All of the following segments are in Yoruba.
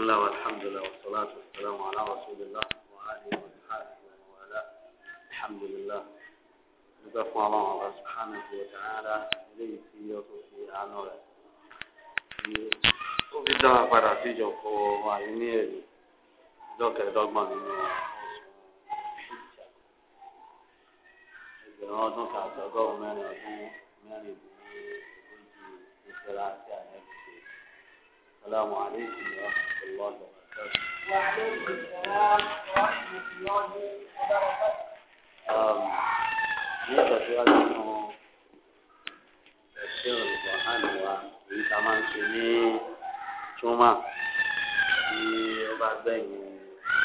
بسم الله والحمد لله والصلاة والسلام على رسول الله وعلى آله وصحبه وآله الحمد لله نزف الله سبحانه وتعالى إليه في وفي آنه وفي الدواء براتي جوكو وعيني دوك دوك من الله سبحانه وتعالى وعيني دوك دوك من الله سبحانه السلام عليكم ورحمة الله وبركاته وعليكم السلام ورحمة الله وبركاته nígbà tí wàá nínú ẹ̀sìn olùkọ́ hàní wa èyí tá a máa ń ṣe ní túmọ̀ tí ó bá gbẹ̀yìn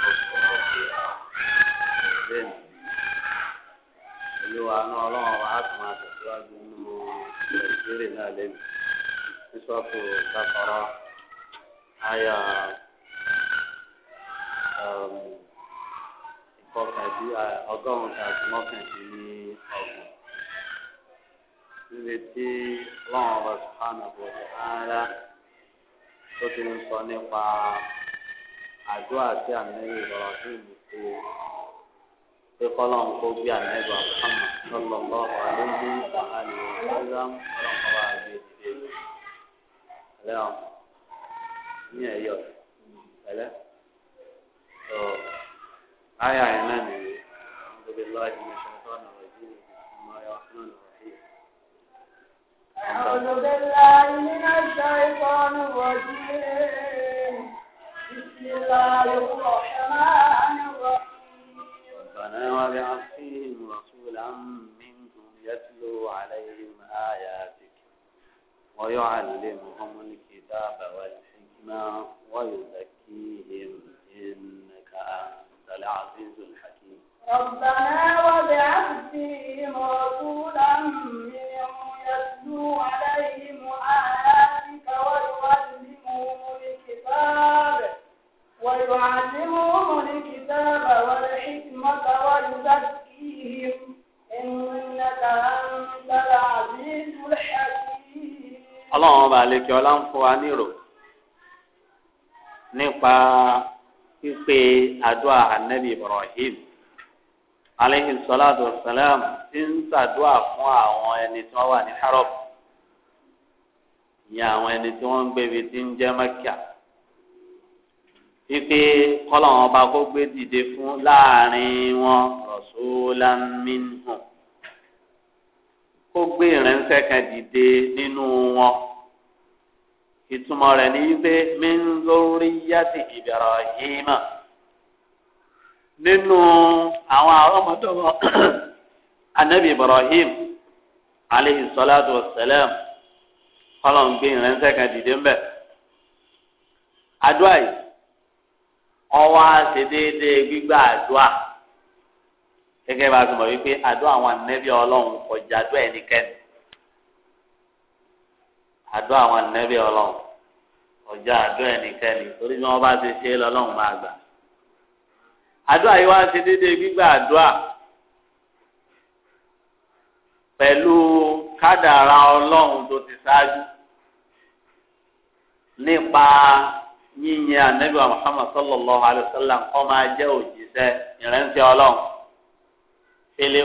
ọ̀pọ̀ ọ̀pẹ̀ lẹ́nu olúwa náà ọlọ́run wa á tún máa tẹ̀síwájú nínú ẹ̀sìn rẹ̀ náà lẹ́nu sísọ́pù bàbá rẹ̀ àyà ìkọkàndí ọgọ́rùn-ún tàbí mọ́kàndín ní ọ̀gbọ̀n níbi tí ọlọ́run ọba sùpánà bọ̀ rárá tó ti ń sọ nípa àjọ àti àmẹ́rì ìrọ̀rọ̀ tó ń ṣe pé kọ́lọ́run kó gbé àmẹ́rì àmọ́ lọ́lọ́lọ́ àlejò àlejò ọ̀gá ọlọ́run ọba àgbèjì lẹ́yìn. ní ẹ̀yọ́ pẹ̀lẹ́ tó ayé ayé náà ni ọ̀gbẹ́ lọ́wọ́ ẹ̀jẹ̀ náà ṣe tọ́nà rẹ̀ bí ọmọ ẹ̀yọ́ أعوذ بالله من الشيطان الرجيم بسم الله الرحمن الرحيم ربنا وبعث رسولا منهم يتلو عليهم آياتك ويعلمهم الكتاب والحكمة ربنا ويزكيهم إنك أنت العزيز الحكيم ربنا وابعث فيهم رسولا منهم يتلو عليهم آياتك ويعلمهم الكتاب ويعلمهم الكتاب والحكمة ويزكيهم إنك أنت العزيز الحكيم. اللهم عليك ولا أنفعني رب nípa pípe àdúrà anabi ibrahim aleyhi salatu wa salam ti ń ṣàdúrà fún àwọn ẹni tí wọ́n wà ní harop ìyẹn àwọn ẹni tí wọ́n ń gbébi tí ń jẹ́ mẹ́kà pípé kọ́lọ́wọ́n bá kó gbé dìde fún láàrin wọn rasulan kó gbé ìrẹ́nsẹ́ kan dìde nínú wọn. ìtumọ̀ rẹ̀ ní wípé mẹ́ńlórí yáti Ibrahima nínú àwọn ọmọdọ́wọ́ anabi Ibrahim aleyhi salatu wa salam kọlọ̀n gbé ìrẹ́nsẹ́ kan dìde ńbẹ̀. àdúrà yìí ọwọ́ àṣẹ bá a ti mọ̀ àdó àwọn ànábì ọlọ́run ọjà àdó ẹnikẹ́ni torí bí wọ́n bá ti ṣe é lọ́lọ́run máa gbà. àdó àyè wá ṣe déédéé gbígbà àdúrà pẹ̀lú kádàrá ọlọ́run tó ti ṣáájú nípa yíyan ànábì wa Muhammad sallallahu alayhi wa sallam kọ́ máa jẹ́ ìrẹ́nsẹ́ ọlọ́run fẹ́lẹ́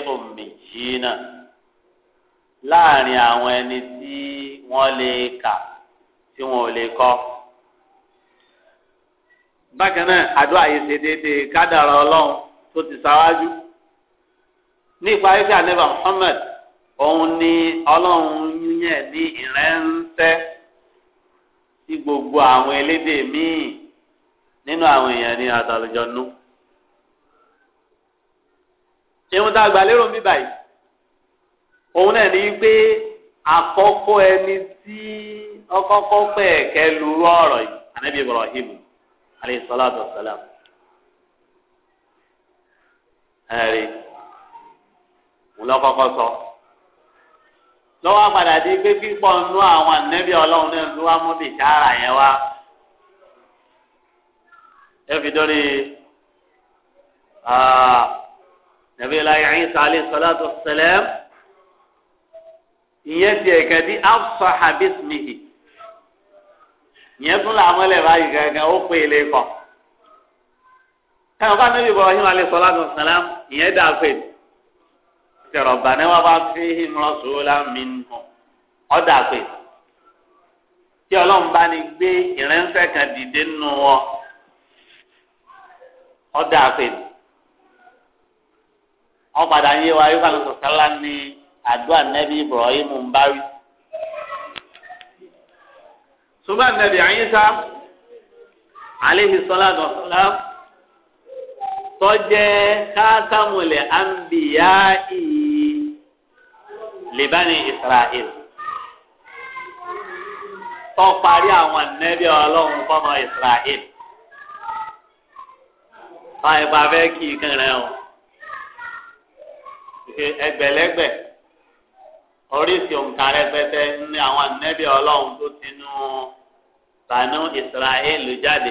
wọn lè kà tí wọn ò lè kọ. bákan náà àdúrà yìí ṣe déédéé kádàrá ọlọ́run tó ti ṣáwájú. Nípa ìparí sí àlébà Muhammad òun ni ọlọ́run yẹn ní ìrẹ́nsẹ́ sí gbogbo àwọn elédè míì nínú àwọn èèyàn ní àtàlùjọ nù. ìwọ̀n tá a gbà lérò ń bí báyìí òun náà ní pé. àkọ́kọ́ ẹni tí ọkọ́kọ́ pẹ̀ kẹ́ lurú ọ̀rọ̀ yìí anabi ibrahim alayhi salatu wa salam ẹ̀rí ńlọ́kọ́kọ́ sọ lọ́wọ́ padà di pé pípọ̀ nú àwọn ànẹ́bí ọlọ́run náà ló wá mú bìsára yẹn wá ẹ fi dórí nàbí ilayi ayé sàlẹ̀ salatu ìyẹn ti ẹ̀kẹ́ bí habis mihi ìyẹn tún làwọn ẹlẹ́ báyìí gangan ó pè é lé kọ́ táwọn bá níbi Ibrahim alayhi salatu wa salam ìyẹn dà pé tẹ̀rọ̀ bàánẹ́ wọn bá fihim rasulan minhum ọ̀ dà pé tí ọlọ́run bá ní gbé ìrẹ́nsẹ́ kan dìde nù dà pé padà yé wa yóò ní. àdúrà nẹ́bí Ibrahim ń bá rí. ṣùgbọ́n nẹ́bí àyíṣà aleyhi sọ́ládọ̀ sọ́lá tọ́jẹ́ káàtàmùlẹ̀ àǹbìyá ìyí lèbáni Israel tó parí àwọn nẹ́bí ọlọ́run fọ́mọ Israel báyìí bá fẹ́ kí i kàn rẹ̀ o ẹgbẹ̀lẹ́gbẹ̀ oríṣi òǹkà rẹpẹtẹ ní àwọn ànẹ́bí ọlọ́run tó ti nú bànú ìsirahílù jáde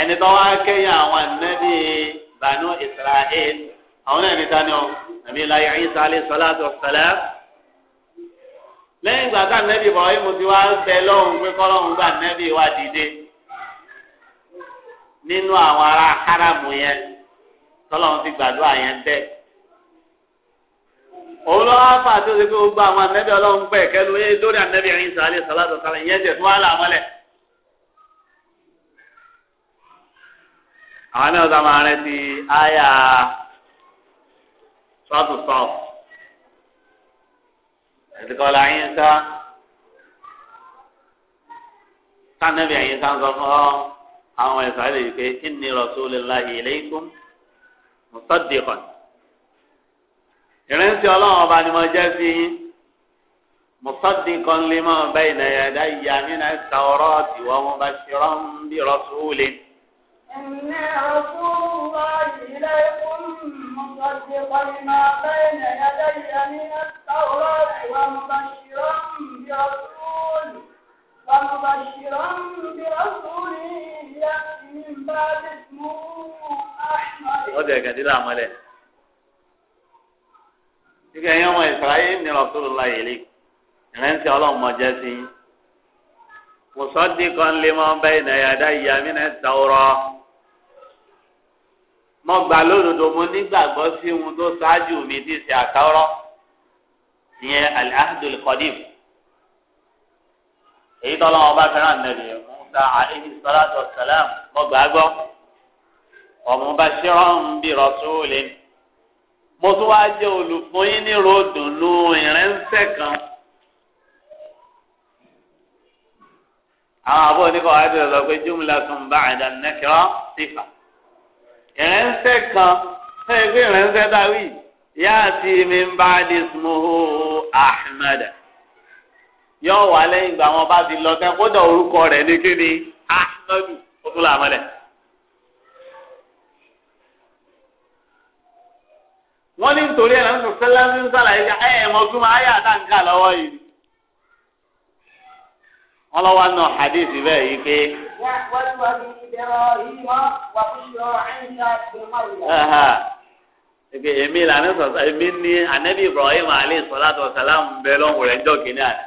ẹni tó wá kẹ́yìn àwọn ànẹ́bí bànú ìsirahílù àwọn náà ní tani ọ nàbí láyé Ìsá alayhi salatu wassalam lẹ́yìn ìgbà tá ànẹ́bí Ibrahim ti wá bẹ lọ́hùn pé kọ́lọ́hùn gbà ànẹ́bí wá dìde nínú àwọn ará haramu yẹn tọ́lọ́hùn ti gbàdúrà yẹn bẹ́ẹ̀ òun lọ́wọ́ afa tó ṣe pé gbogbo àwọn anẹ́bí ọlọ́run pẹ̀ kẹ́lu ẹ lórí anẹ́bí ẹ̀rín sàlẹ̀ sàlátọ̀ sàlẹ̀ ìyẹn jẹ̀ fún wàhálà mọ́lẹ̀. àwọn náà sá máa rẹ ti àyà sọ́ọ̀tù sọ́ọ̀ ẹ̀dùkọ́lá yín sá sànẹ́bí ẹ̀rín sá ń sọ fún àwọn ẹ̀sán lè pé ìnira sólè láyé ilé ikú mùsọ̀dìkan ìrìnsì ọlọ́run ọba ni mo jẹ́ sí yín musaddiqan lima bayna yadayya mina at-tawrati wa mubashiran bi rasulin. إن رسول الله إليكم مصدقا لما بين يدي من التوراة ومبشرا برسول ومبشرا برسول يأتي من بعد اسمه أحمد ike ẹ̀yin ọmọ ìsirayé ní rasulillah yìí ìrántí ọlọ́run mọ jẹ́ sí mùsọ́dí kan lè máa ń bá ìnà yàda ìyàmí náà tàwọrọ mo gbà lódodo mo nígbàgbọ́ sí ohun tó ṣáájú mi ti ṣe àtàwọrọ ìyẹn alahadul qadim èyí tó lọ́wọ́ bá fẹ́ràn nàbì musa aleyhi salatu wa salam mo gbàgbọ́ ọmọ bá ṣe bí rasulillah mo tún wá jẹ́ olùfún yín ní ròdùnú ìrẹ́nsẹ̀ kan. àwọn àbọ̀ oníkọ̀ wáyé tó lọ pé júmùlá tún bá àdá nẹ́kìrọ́ sífà. ìrẹ́nsẹ̀ kan ṣé ìwé ìrẹ́nsẹ̀ dáwì yáàtì mi ń bá di ahmed yóò wà lẹ́yìn ìgbà wọn bá ti lọ sẹ́kọ́dọ̀ orúkọ rẹ̀ ní kíni ahmed ó làmọ́lẹ̀. wọ́n ní nítorí ẹ̀rọ nítorí sẹ́lá ń sàlàyé ká ẹ̀ ẹ̀ wọ́n gbúmọ̀ ayé àtàǹkà lọ́wọ́ yìí. wọ́n lọ wá náà hadith bẹ́ẹ̀ yìí pé. Ege èmi lànà sọ̀tà èmi ní anabi Ibrahim alayhi salatu wa salam bẹ lọ́hùn rẹ̀ jọ́ kìíní àná.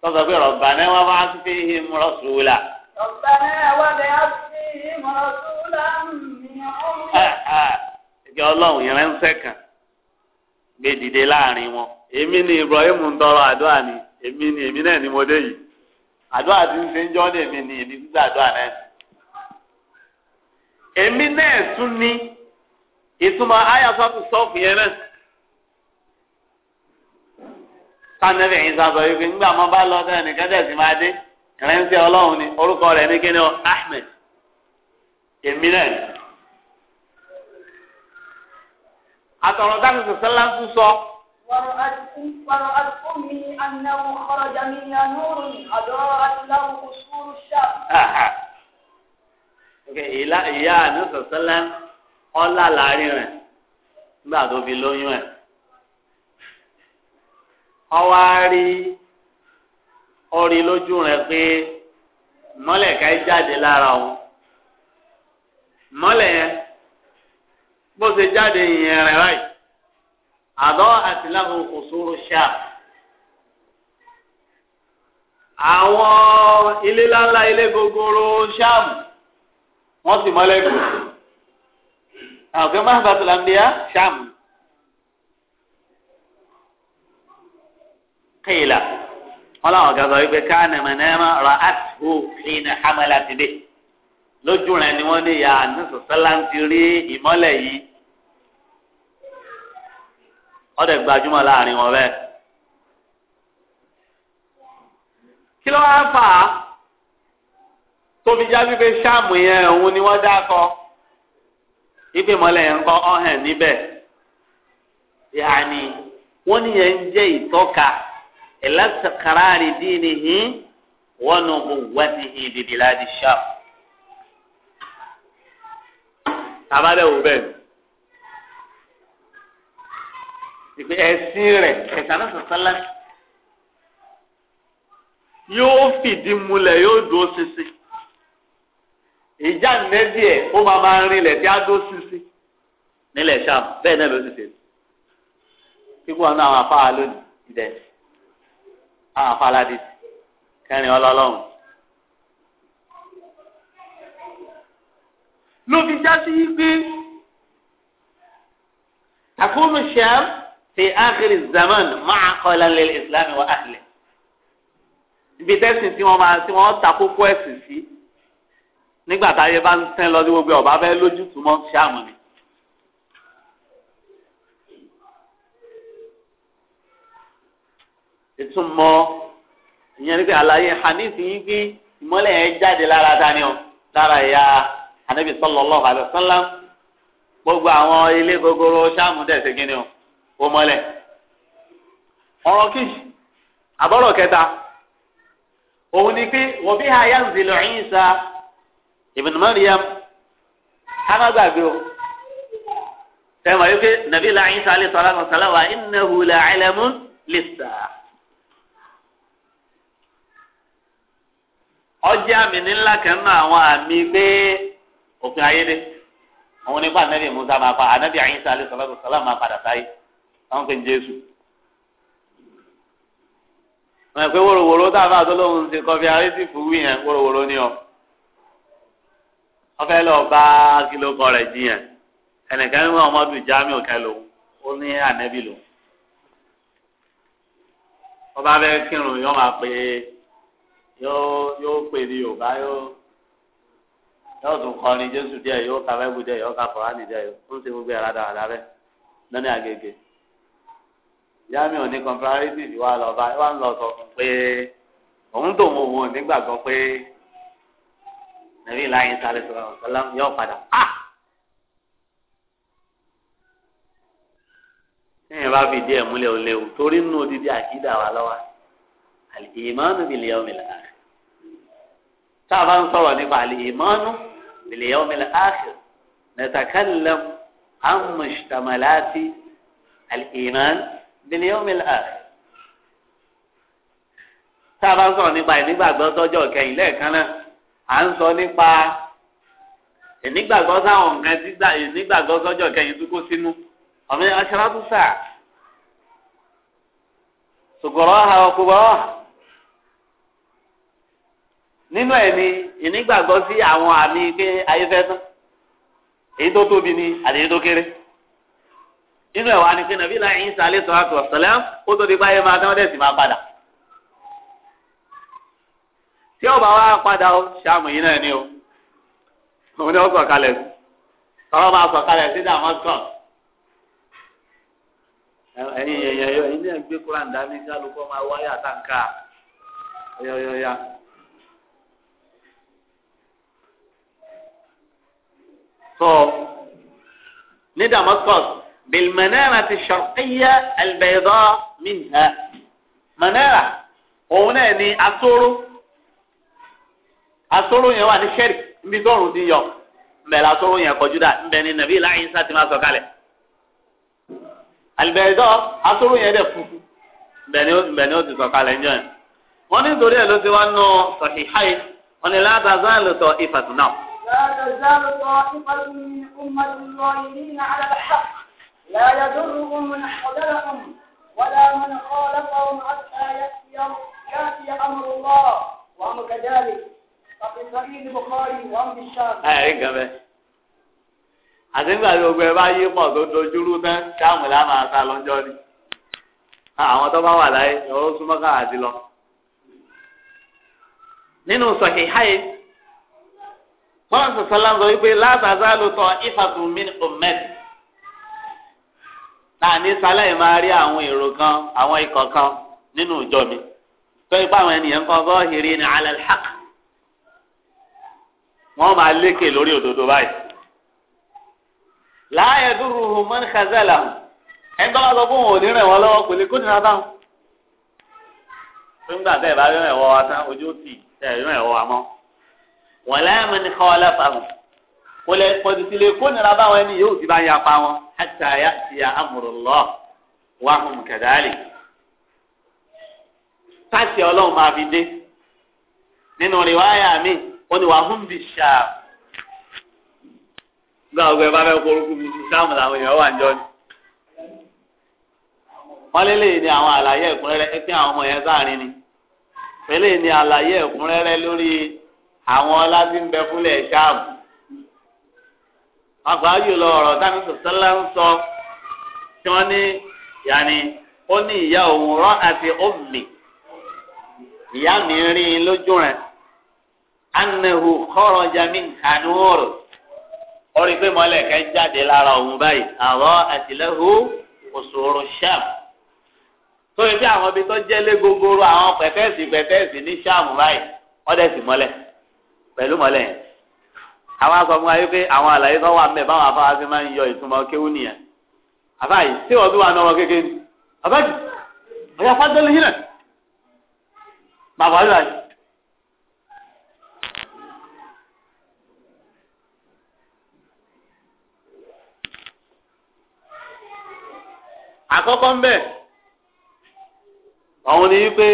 Sọ́sọ́ pé Rabbana wa ba'ath fihim rasula. Rabbana wa ìkẹ́ ọlọ́run ìrẹ́nsẹ́ kan gbé láàrin wọn èmi ni Ibrahim ń tọrọ ni èmi ni èmi náà ni mo dé yìí ń ṣe ń jọ́ ní ni èmi èmi náà tún ní ìtumọ̀ ayàfàkù sọ́ọ̀fù yẹn náà sanẹ́fẹ̀ yìí sábà yìí nígbà máa bá lọ sẹ́yìn nìkan tẹ̀sí ní kíni ọ Ahmed èmi náà àtọ̀rọ̀ dáhùn sọ̀sẹ́ láńtú sọ. wàrọ̀ àtúnmí anáwó kọ́rọ̀jà mi ní anúrù àdọ́ àtìláwò kòsúrú ìyá àná sọ̀sẹ́ lẹ́ ọ̀là láàrin rẹ̀ nígbà tó fi lóyún ẹ̀. ọwọ́ á rí orí lójú rẹ̀ pé mọ́lẹ̀ ká jáde lára òun mọ́lẹ̀ yẹn bó ṣe jáde yẹn rẹ̀ báyìí àdọ́ àti láhùn kò sóró ṣá. àwọn ilé ńláńlá ilé gogoro ṣáàmù wọ́n sì mọ́lẹ́kùn. àwọn máa bá tòlá ń bí yá ṣáàmù. kéèlà wọn làwọn gàdọ̀ wípé káàní mọ̀nẹ́mọ̀ rà á tó kéèní hàmẹ́lá ti lójú rẹ̀ ni wọ́n ní ìyá àníṣe sẹ́láńtì rí ìmọ́lẹ̀ yìí ọdẹ gbajúmọ̀ láàrin wọn bẹ́ẹ̀. kí ló wáá fà á tóbi já wípé sáàmù yẹn òun ni wọ́n dákọ ipe mọ́lẹ̀ yẹn níbẹ̀ yàní ní yẹn ń nù tàbá dẹ̀ wò bẹ́ẹ̀ ìpè ẹ̀sìn rẹ̀ ẹ̀sìn náà sọ̀sọ́lá yóò fìdí múlẹ̀ yóò dúró ṣinṣin ìjà nẹ́bí ẹ̀ ó máa máa rinlẹ̀ tí á dúró ṣinṣin nílẹ̀ ṣáà bẹ́ẹ̀ náà ló ti ṣe pípọ̀ náà àwọn afárá lónìí àwọn afárá kẹrin ọlọ́lọ́run. ló fi já sí pé takunu sham fi akhiri zaman máa kọ́lá lẹ́lẹ́ islam wa ahlẹ̀ ibi tẹ́sìn tí wọ́n máa tí wọ́n ta kókó ẹ̀sìn sí nígbà táyé bá ń tẹ́ lọ sí gbogbo ọba fẹ́ lójútùú mọ́ sham ni. ìtumọ̀ ìyẹn ní pé àlàyé hadith yìí pé ìmọ́lẹ̀ yẹn jáde lára dání lára ìyá anabi sallallahu alaihi wasallam gbogbo àwọn ilé gogoro sáàmù dẹsẹ gíní o ó mọlẹ ọ̀rọ̀ kejì àbọrọ kẹta òun ni pé wọbí ha yanzilu Isa ibn Maryam anagbàgbé o sẹ́yìn wáyé pé nàbí la Isa alẹ́ sọ́lá kan sọ́lá wa innahu la ilmun lissa. ọjà mi ní ńlá kan náà àwọn àmì pé òfin ayédè àwọn onípa anabi musa máa pa anabi ayinsa alẹ sọlá sọlá máa padà sáyé àwọn kan jésù wọn pe wòròwòrò tá a bá tọ́lọ́hún ṣe kọfí ayé sì fún wí yẹn wòròwòrò ni ọ ọfẹ lọ bá kìlọ kọ rẹ jiyàn ẹnìkan ní wọn ọmọdún jamiu kẹlò ó ní anabi lò ọba bẹ kírun yóò máa pè é yóò yóò pè ní yorùbá yóò yóò tún kọrin jésù díẹ̀ yóò ka bẹ́ẹ̀ díẹ̀ yóò ka kọ́ránì díẹ̀ yóò tún ṣe gbogbo ẹ̀rọ dáadáa rẹ̀ lọ́nà àgègè. yámi ò ní comparative wa lọ bá wa ń lọ sọ fún pé òun tó mọ òun nígbàgbọ́ pé nàbí láyé sáré sọ̀rọ̀ ọ̀sọ́lá yóò padà á. sẹ́yìn bá fi díẹ̀ múlẹ̀ ò léwu torí nínú odidi àkídà wa lọ́wọ́ àlìkèyí máa bìlẹ̀ ọ̀mìlà tá bá ń sọ̀rọ̀ nípa àlìkèyí máa ń لليوم الآخر نتكلم عن مشتملات الإيمان باليوم الآخر tá a bá ń sọ̀rọ̀ nípa ìnígbàgbọ́ sọ́jọ́ kẹyìn lẹ́ẹ̀kan náà à ń sọ nípa ìnígbàgbọ́ sáwọn nǹkan sígbà ìnígbàgbọ́ sọ́jọ́ kẹyìn tó kó sínú ọ̀mí aṣáájú sáà sùkúrọ̀ ha ọkùnrin ọ̀hún. nínú ẹ̀mí ìnígbàgbọ́ sí àwọn àmì pé ayé fẹ́ tán èyí tó tóbi ni àti tó kéré nínú ẹ̀wà ni pé nàbí láyé ń sálẹ̀ sọ àtọ̀ ó tó di báyé máa dánwó dẹ̀sí máa padà tí ọba wa padà ó ṣàmù yìí náà ni òun ni ó sọ kalẹ̀ sí máa sọ kalẹ̀ sí dàmọ́ so ní Damascus bilmanara ti sharqiyya albayda minha manara òun náà ni asóró asóró yẹn wà ní sẹ́rì níbi tóòrùn ti yọ mbẹ lasóró yẹn kọjú dà mbẹ ni nàbí ilá ayínsá ti máa sọ kalẹ̀ albayda asóró yẹn dẹ̀ funfun mbẹ ni mbẹ ni ó ti sọ kalẹ̀ njọ́ yẹn wọ́n ní torí ẹ̀ ló ti wá nù Sahihayn wọ́n ní la tazalu ta'ifatu náà. لا تزال طائفة من أمة ظاهرين على الحق لا يضرهم من حذرهم ولا من خالفهم حتى يأتي يأتي أمر الله وهم كذلك ففي صحيح البخاري وهم بالشافعي. àtìgbà tí gbogbo ẹ bá yí pọ̀ tó dojúrú tán sáàmù láàmú àta lọ́jọ́ ni àwọn tó bá wà láyé ọ̀rọ̀ súnmọ́ káàdì lọ. nínú sọ̀kì háyé bọ́lá sọ̀sọ́lá ń sọ wípé látàzá ló tọ ìfàtún min ummati láàní sálẹ̀ máa rí àwọn èrò kan àwọn ikọ̀ kan nínú ìjọ mi tó ipá àwọn ènìyàn kan bọ́ hìrì ní ala al-haq wọ́n máa lékè lórí òdodo báyìí la yaduruhum man khazalahum ẹni tó bá sọ fún òun ò ní wọ́n lọ́wọ́ kò lè kó nira báwọn. fún gbàgbé ìbáraẹ̀wọ̀ wa tán ojú ó tẹ̀ ẹ̀rọ ẹ̀wọ̀ wa mọ́ wọn lẹ́yìn ní kọ́ ọlẹ́fàmù kò lè kọ́dù sí lè kó nira báwọn ẹni yóò ti bá ya pa wọn hàtà yá ti ya amrullah wà hùm kẹdàálì sáàsì ọlọ́run máa fi dé nínú rìwáyà mi wọn ni wà hùm bí ṣáà gbà ọgbẹ bá fẹ́ kó orúkú mi sí sáàmù làwọn èèyàn wà ń jọ ni wọn lélẹyìn ni àwọn àlàyé ẹ̀kúnrẹ́rẹ́ ẹpẹ àwọn ọmọ yẹn sáàrin ni pẹ̀lẹ́ ni àlàyé ẹ̀kúnrẹ́rẹ́ lórí àwọn ọlábí ń bẹ fúnlẹ̀ ṣáàmù àgbáyé lọ ọ̀rọ̀ táwọn sọ̀tẹ́lá ń sọ tí wọ́n ní yàní ó ní ìyá òun rọ́ àti ọ̀mì ìyá mi rí i lójú rẹ̀ anahu kharaja min kanúr ó rí i pé mọ́lẹ̀kẹ́ jáde lára òun báyìí àwọ̀ àtìlẹ́hu òṣòro ṣáàmù tó yẹ àwọn ibi tó jẹ́ lé gogoro àwọn pẹ̀tẹ́sì pẹ̀tẹ́sì ní ṣáàmù báyìí wọ́n dẹ̀ pẹ̀lú mọ́lẹ̀ yẹn àwọn akọ fún wa yìí pé àwọn àlàyé tó wà ń bẹ̀ báwọn afáwa ti máa ń yọ ìtumọ̀ kéwú nìyẹn àbá yìí tí wọ́n tún wà náwó kékeré ni àbá jù ọ̀yà fásitì yìí nà bàbá yìí àkọ́kọ́ ń bẹ̀ ọ̀hún ni wípé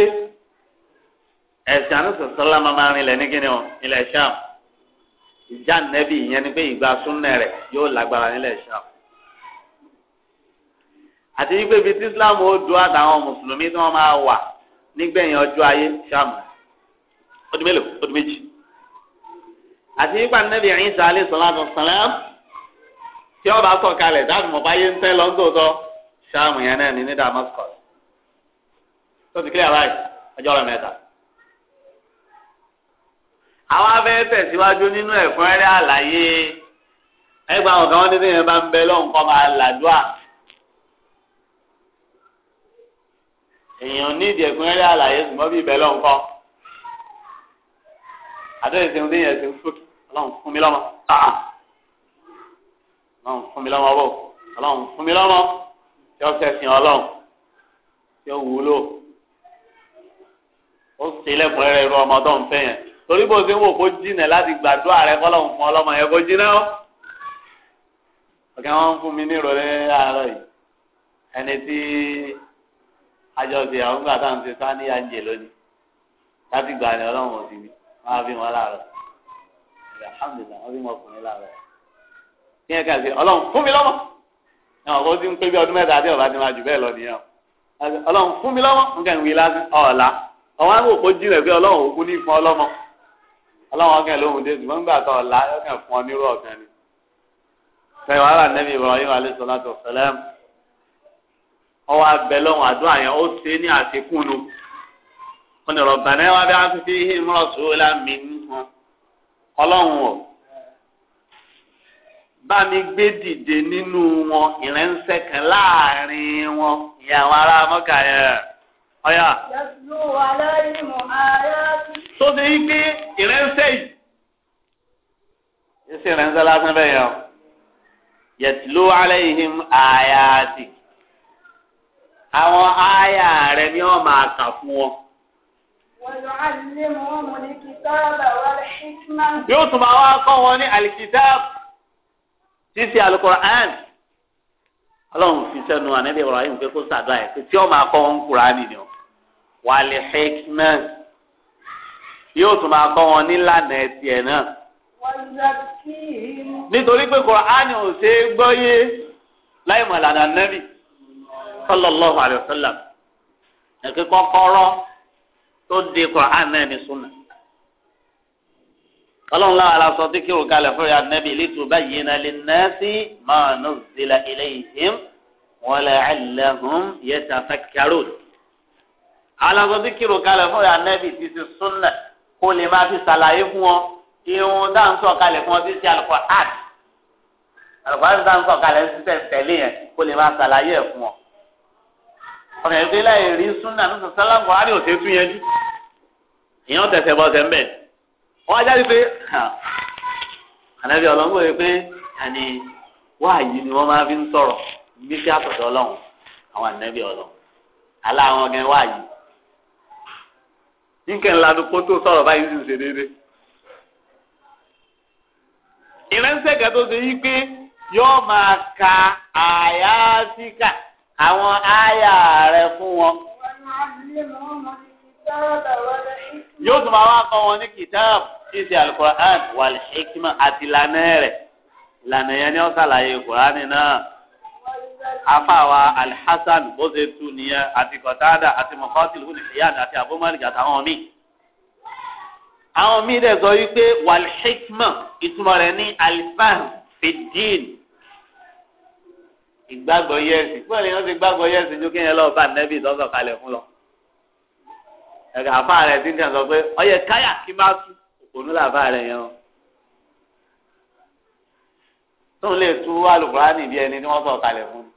ẹ̀sìn àdúgbòsọ́lá máa máa rinlẹ̀ ní kíni o ilẹ̀ Ṣam ìjà nẹ́bí ìyẹn ni pé ìgbà súnnà rẹ̀ yóò lágbára nílẹ̀ Ṣam. àti wípé ibi tí Islam ó dùn àtàwọn mùsùlùmí tí wọ́n máa wà nígbẹ̀yìn ọjọ́ ayé Ṣam ọdún mélòó ọdún méjì. àti wípé nẹ́bí Ìsá alayhi salatu wassalam tí ó bá sọ̀kalẹ̀ dáàbò mọ̀ báyé ń tẹ́ lọ́ńdọ̀dọ̀ Ṣam yẹn náà ní ní Damascus. tó ti kílẹ̀ báyìí ọjọ́ rẹ̀ mẹ́ta àwọn afẹ́ tẹ̀síwájú nínú ẹ̀kúnrẹ́rẹ́ àlàyé ẹgbà àwọn kan nínú yẹn bá ń bẹ lọ́hùn kọ́ máa làdúà èèyàn ní ìdí ẹ̀kúnrẹ́rẹ́ àlàyé ṣùgbọ́n bí ìbẹ̀ lọ́hùn kọ́ àdéhùn ìṣẹ́hun tí yẹn ṣe ń sókè ọlọ́run fún mi lọ́mọ ọlọ́run fún mi lọ́mọ bò ọlọ́run fún mi lọ́mọ tí ó ṣẹ̀sìn ọlọ́run tí ó wúlò ó sì ilẹ̀kùnrẹ́rẹ́ irú ọmọ tó ń fẹ́ torí bó ṣe ń wò kó jìnà láti gbàdúrà rẹ kọ́lọ́hún fún ọlọ́mọ yẹn kó jìnà ó. ọ̀kẹ́ wọn fún mi ní ìrọ̀lẹ́ àárọ̀ yìí ẹni tí àjọṣe àwọn gbà tá à ń ṣe sáni àǹjẹ lónìí láti gbà ní ọlọ́run òsì mi wọn á bí wọn láàárọ̀ alhamdulilayi wọn bí wọn kùnrin láàárọ̀ kí ẹ kà sí ọlọ́run fún mi lọ́mọ náà ó ti ń pé bí ọdún mẹ́ta àti ọ̀bá ti máa jù bẹ́ẹ̀ lọ nìyẹn ọlọ́run fún mi lọ́mọ nǹkan ìwé lásì ọ̀la ọ̀wọ́n á wò kó jìnà pé ọlọ́run òkú ní ìfún ọlọ́mọ. ọlọ́run ọkàn lóhùn dé ṣùgbọ́n nígbà tó ọ̀la ọkàn fún ọ ọ̀kan ni. sẹ́yìn wàhálà nẹ́bí Ibrahim salam ọwọ́ abẹ lọ́wọ́ àdúrà yẹn ó ṣe ní àfikún nu. wọ́n ní bí wọ́n fi hí mi gbé nínú wọn mọ́kà yẹn. ọ̀yà. tó ṣe yí pé ìrẹ́nsẹ́ yìí ṣe ìrẹ́nsẹ́ lásán bẹ́ẹ̀ yẹn o yẹtìlú aláìhìm àyàtì àwọn àyà rẹ ni wọn máa kà fún wọn. yóò tún máa wá kọ́ wọn ní alikitaabu títí alukur'an ọlọ́run fi sẹ́nu ànábì Ibrahim pé kó sàdúrà ẹ̀ pé tí ó máa kọ́ wọn kúránì ni o wàlẹ̀ hekima yóò tún máa kọ́ wọn nílànà ẹ̀sìn náà. nítorí pé kòránì ò ṣe é gbọ́yé láì mọ̀ lànà nẹ́bì sallallahu alayhi wa sallam ẹ̀kẹ́ kọ́kọ́rọ́ tó di kòránì náà ní súnà. ọlọ́run láwọn aláṣọ tí kí òkàlẹ̀ fún ya nẹ́bì litubayyina linnasi ma nuzzila ilayhim wa la'allahum yatafakkarun alásọdí kírò kalẹ̀ fún anabi ti ti súnà kó lè máa fi ṣàlàyé fún ọ irun dá ń sọ kalẹ̀ fún ọ ti ti alùpùpù art alùpùpù art dá ń sọ kalẹ̀ ń tẹ̀lé yẹn kó lè máa ṣàlàyé ẹ̀ fún ọ ọ̀nà ìpè láì rí súnà ní sàlámù buhari òsè tún yẹn jù ìyẹn tẹ̀sẹ̀ bọ́ sẹ́ńbẹ̀ wọ́n á jáde pé ànábi ọlọ́run wòye pé àní wáàyí ni wọ́n máa fi ń sọ̀rọ̀ bí sí ọlọ́run àwọn ànábi ọlọ́run níkẹ́ ńlá ni kó tó sọ̀rọ̀ báyìí sì ṣe déédéé. ìránṣẹ́ kan tó ṣe yí pé yóò máa ka àyàtíkà àwọn àyà rẹ̀ fún wọn. yóò tún máa wá kọ́ wọn ní kìtáàbù ìṣe alukoran wàlẹ̀ hikima àti lànà rẹ̀ lànà yẹn ni ó ṣàlàyé kùránì náà afáwa alhassan bó ṣe tu nìyẹn àti kọtáàdà àti mọkọtìlú nìyẹn àti abomalik àtàwọn míì àwọn míì dẹ̀ sọ wípé walhikma ìtumọ̀ rẹ̀ ní alifahm fìdín ìgbàgbọ́ yẹ́sì fún ẹni wọ́n ti gbàgbọ́ yẹ́sì ju kéèyàn lọ́ọ́ bá nẹ́bí ìtọ́sọ̀ kalẹ̀ fún lọ. ẹ̀ka àfa rẹ̀ ti ń kàn sọ pé ọyẹ káyà kí má tú òkòlú làbá rẹ̀ yẹn o. tóun lè tú alùpùpù ránì bí ẹni tí wọ́n sọ̀ fún un.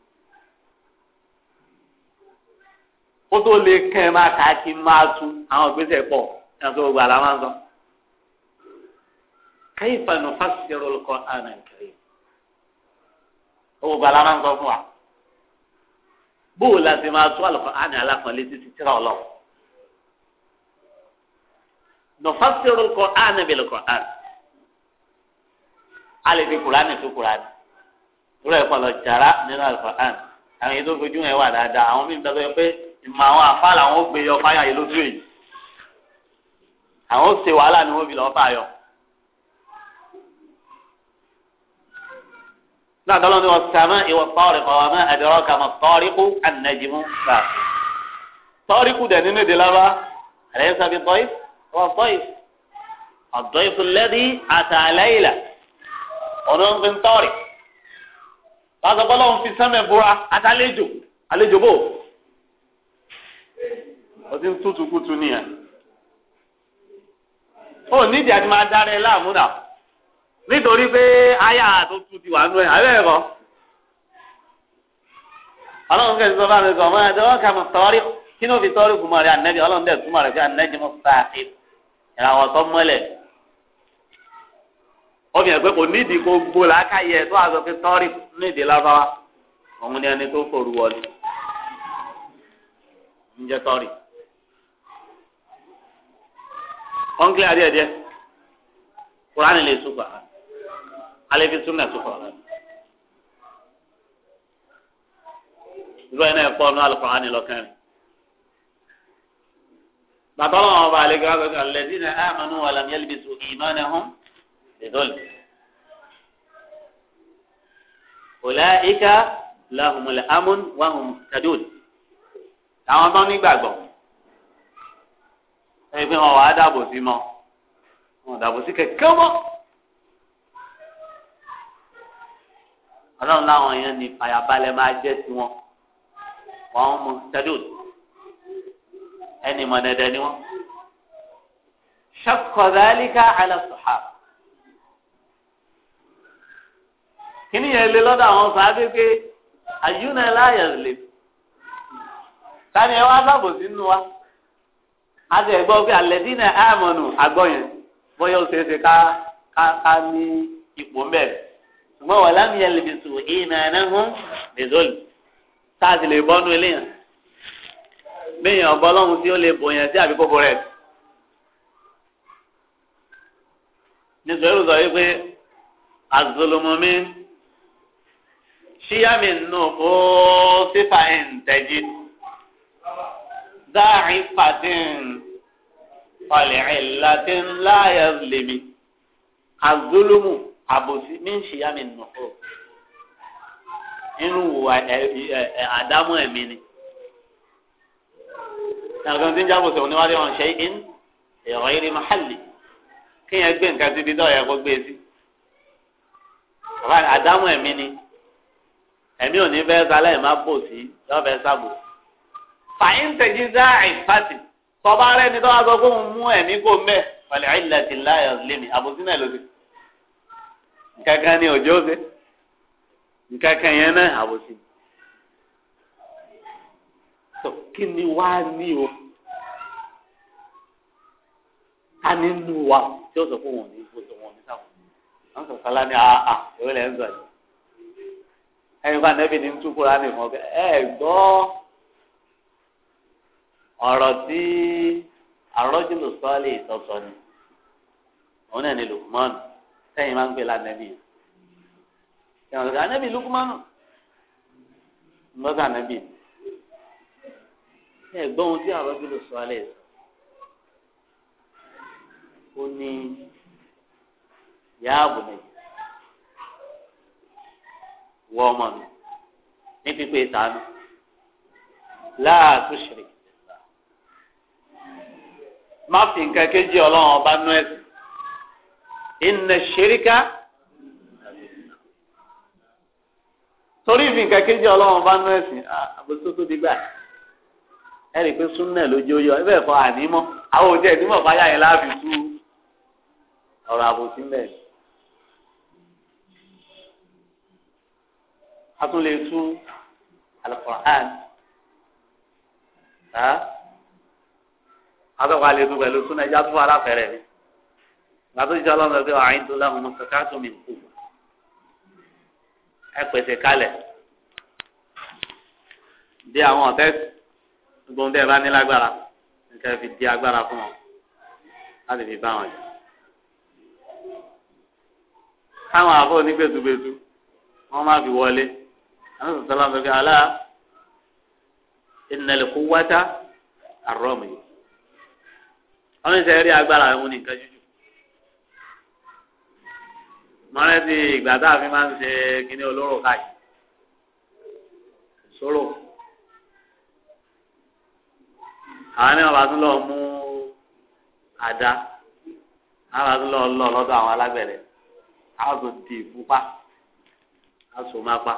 kó tó lè kẹ́ ẹ máa kà á kí n máa tu àwọn ìgbésẹ̀ pọ̀ ẹ̀ tó gbogbo àlá máa ń sọ. kayfa nufassiru al-Qur'ana al-Karim gbogbo àlá máa ń sọ fún wa bóò la ti máa tú al-Qur'an alákànlé títí tíra ọlọ́run nufassiru al-Qur'ana bil-Qur'an alẹ́ fi kùránì fi kùránì rẹ̀ pọ̀ lọ jàrá nínú al-Qur'an àwọn èyí tó fojú yẹn wà dáadáa àwọn míì ìmọ̀ àwọn àfa làwọn ó gbé yọ fáyà yìí lójú èyí àwọn ó ṣe wàhálà ni wọ́n fi lọ́ọ́ fàyọ. náà tọ́lọ́ ni wọ́n sàmẹ́ ìwọ sọ́ọ̀rì fọwọ́ mẹ́ ẹ̀dọ́rọ́ kà mọ́ sọ́ọ̀ríkù ànàjìmú rà. sọ́ọ̀ríkù dẹ̀ nínú èdè lábá àlẹ́ sábì bọ́ì wọ́n bọ́ì ọ̀dọ́ ìfúnlẹ́dì àtàlẹ́yìlà ọ̀dọ́ ń fi ń ó ti ń tútù kútù nìyẹn ó nídìí àti máa dára ẹ láàmú náà nítorí pé tó tu ti wà nú ẹ àbẹ́ ẹ̀kọ́ ọlọ́run kẹ́sì sọ fáwọn ẹ̀kọ́ ọmọ ẹ̀dọ́ ọ̀kà mọ̀ sọ́ọ́rí kí ló fi sọ́ọ́rí kùmọ̀ rẹ̀ ànẹ́bí ọlọ́run dẹ̀ túmọ̀ rẹ̀ sí ànẹ́bí aka sáàkì ìràwọ̀ tó mọ́lẹ̀ ọmọ ẹ̀pẹ́ kò nídìí kó gbó làákàyè tó àzọ fi wọn kílẹ̀ adé ẹ̀dẹ́ kúránì lè sùn gbà alẹ́ fi súnmọ́ ẹ̀sùn kọ̀ọ̀kan. ìlú ẹ̀ náà pọ̀ nù alùpàánì lọ́kàn rẹ̀. bàtà ọlọ́run ọba àlejò àgbẹ̀kọ̀ lẹ́dí náà àmàlù wà làmì ẹ̀lẹ́bìsù ìmọ̀ọ́nà hàn ìdọ́lù. ọ̀là ìka làhùnmùlẹ̀ amún wàhùn kàdúùn. àwọn tó ní nígbàgbọ́. ẹni pé wọn wà á dàbò sí mọ wọn dàbò sí kẹ̀kẹ́ mọ. ọlọ́run láwọn èèyàn ní fàyàbalẹ̀ máa jẹ́ sí wọn wọn mú tẹ́lẹ̀ ẹni mọ̀ dẹ́dẹ́ ni wọn. شق ذلك على الصحابة kíni yẹn lé lọ́dọ̀ àwọn sàábé pé àyùnà láyà lè tani ẹ wá sábò sínú wa a ti gbọ́ pé alẹ́dínà àmọ̀nù àgọ́ yẹn bóyá ó ṣeé ṣe ká ká ní ipò ń bẹ̀rẹ̀ ṣùgbọ́n wà lámì yẹn lè fi sùn ìnà ẹ̀ náà hún nìzọ́lì tá a sì lè bọ́nu eléyàn bẹ́yìn ọ̀bọ ọlọ́run tí ó lè bò yẹn sí àbíkókò rẹ̀ nítorí ó sọ wípé azolomomi ṣíyàmì nù kó sífà ẹ̀ dáàrin fàdín ọ̀lẹ̀ ìlàtín láyà lèmi àzúlùmù àbòsí ní ìṣìyàmì nùkọ́ inú àdámọ́ ẹ̀mí ni nàgbọ́n tí ń jábọ̀ sọ̀rọ̀ níwájú wọn ṣe in ẹ̀rọ eré mahali kéèyàn gbé nǹkan síbi tó ọ̀yà kó gbé sí. bàbá àdámọ̀ ẹ̀mí ni ẹ̀mí ò ní fẹ́ sálẹ̀ má bò sí lọ́fẹ̀ẹ́ sábò fàyín tẹ̀jíṣà ìfàsì tọ́ba rẹ̀ ni tọ́ba sọ fún un mú ẹ̀mí kò mẹ́ pẹ̀lú ìlàtí láyọ̀ lémi àbòsí náà ló ti. nǹkankan ni òjò ṣe nǹkankan yẹn náà àbòsí. sọ kí ni wàá ní o a ní nù wa tí ó sọ fún wọn ní ìfòsọ wọn ní sáfù wọn sọ sọlá ní àà ìwé lẹ́yìn sọ yìí ẹ̀yin fún anábì ní túkúrá nìkan ẹ̀ gbọ́ ọ̀rọ̀ tí arọ́jùlù sọ́ọ̀lì ìtọ́sọ ni òun náà ni Lukman sẹ́yìn máa ń pè lánàbì ìyàwó ìgbà ànábì Lukman lọ́sà ànábì ẹ̀gbọ́n ohun tí arọ́jùlù sọ́ọ̀lì ó ní yáàbù mi wọ ní pípé ìtànù láàtúnṣe má fi nǹkan kejì ọlọ́run ọba nú ẹ̀sìn ìnà ṣeríkà torí ìfi nǹkan kejì ọlọ́run ọba nú ẹ̀sìn àbòsó tó ti gbà ẹ rí i pé súnà lójú ó yọ ẹ bẹ́ẹ̀ fọ ànímọ́ àwọn òde ẹ̀dínmọ̀ fáyà yẹn láàfin tú ọ̀rọ̀ àbòsí mẹ́rin. a tún lè tú alukur'an atọ́kọ̀ alẹ́ tó pẹ̀lú súnà ẹja tó fún aláfẹ́rẹ́ mi gbàtó ìjọ ọlọ́run ẹgbẹ́ wàhíń tó lẹ́hùn mọ́ kàkà tó mi kú ẹ pèsè kalẹ̀ bí àwọn ọ̀tẹ́ gbọ́n tẹ́ bá nílágbára nǹkan fi di agbára fún wọn láti fi bá wọn jẹ. káwọn àfọ onígbèsùgbèsù wọn máa fi wọlé àwọn sọ̀tọ́ lọ́sọ̀kẹ́ alá ìnàlẹ̀kú wájà àrọ́ọ̀mù yìí ọlọ́run ṣe rí agbára òun ní nǹkan jújù mọ́rẹ́ ti ìgbà tá a fi máa ń ṣe kíní olóró káyì sóró àwọn ní ọba tún lọ mú àdá àwọn àtún lọ lọ lọ́dọ̀ àwọn alágbẹ̀dẹ àwọn tó di ìfúnpá àwọn tó máa pa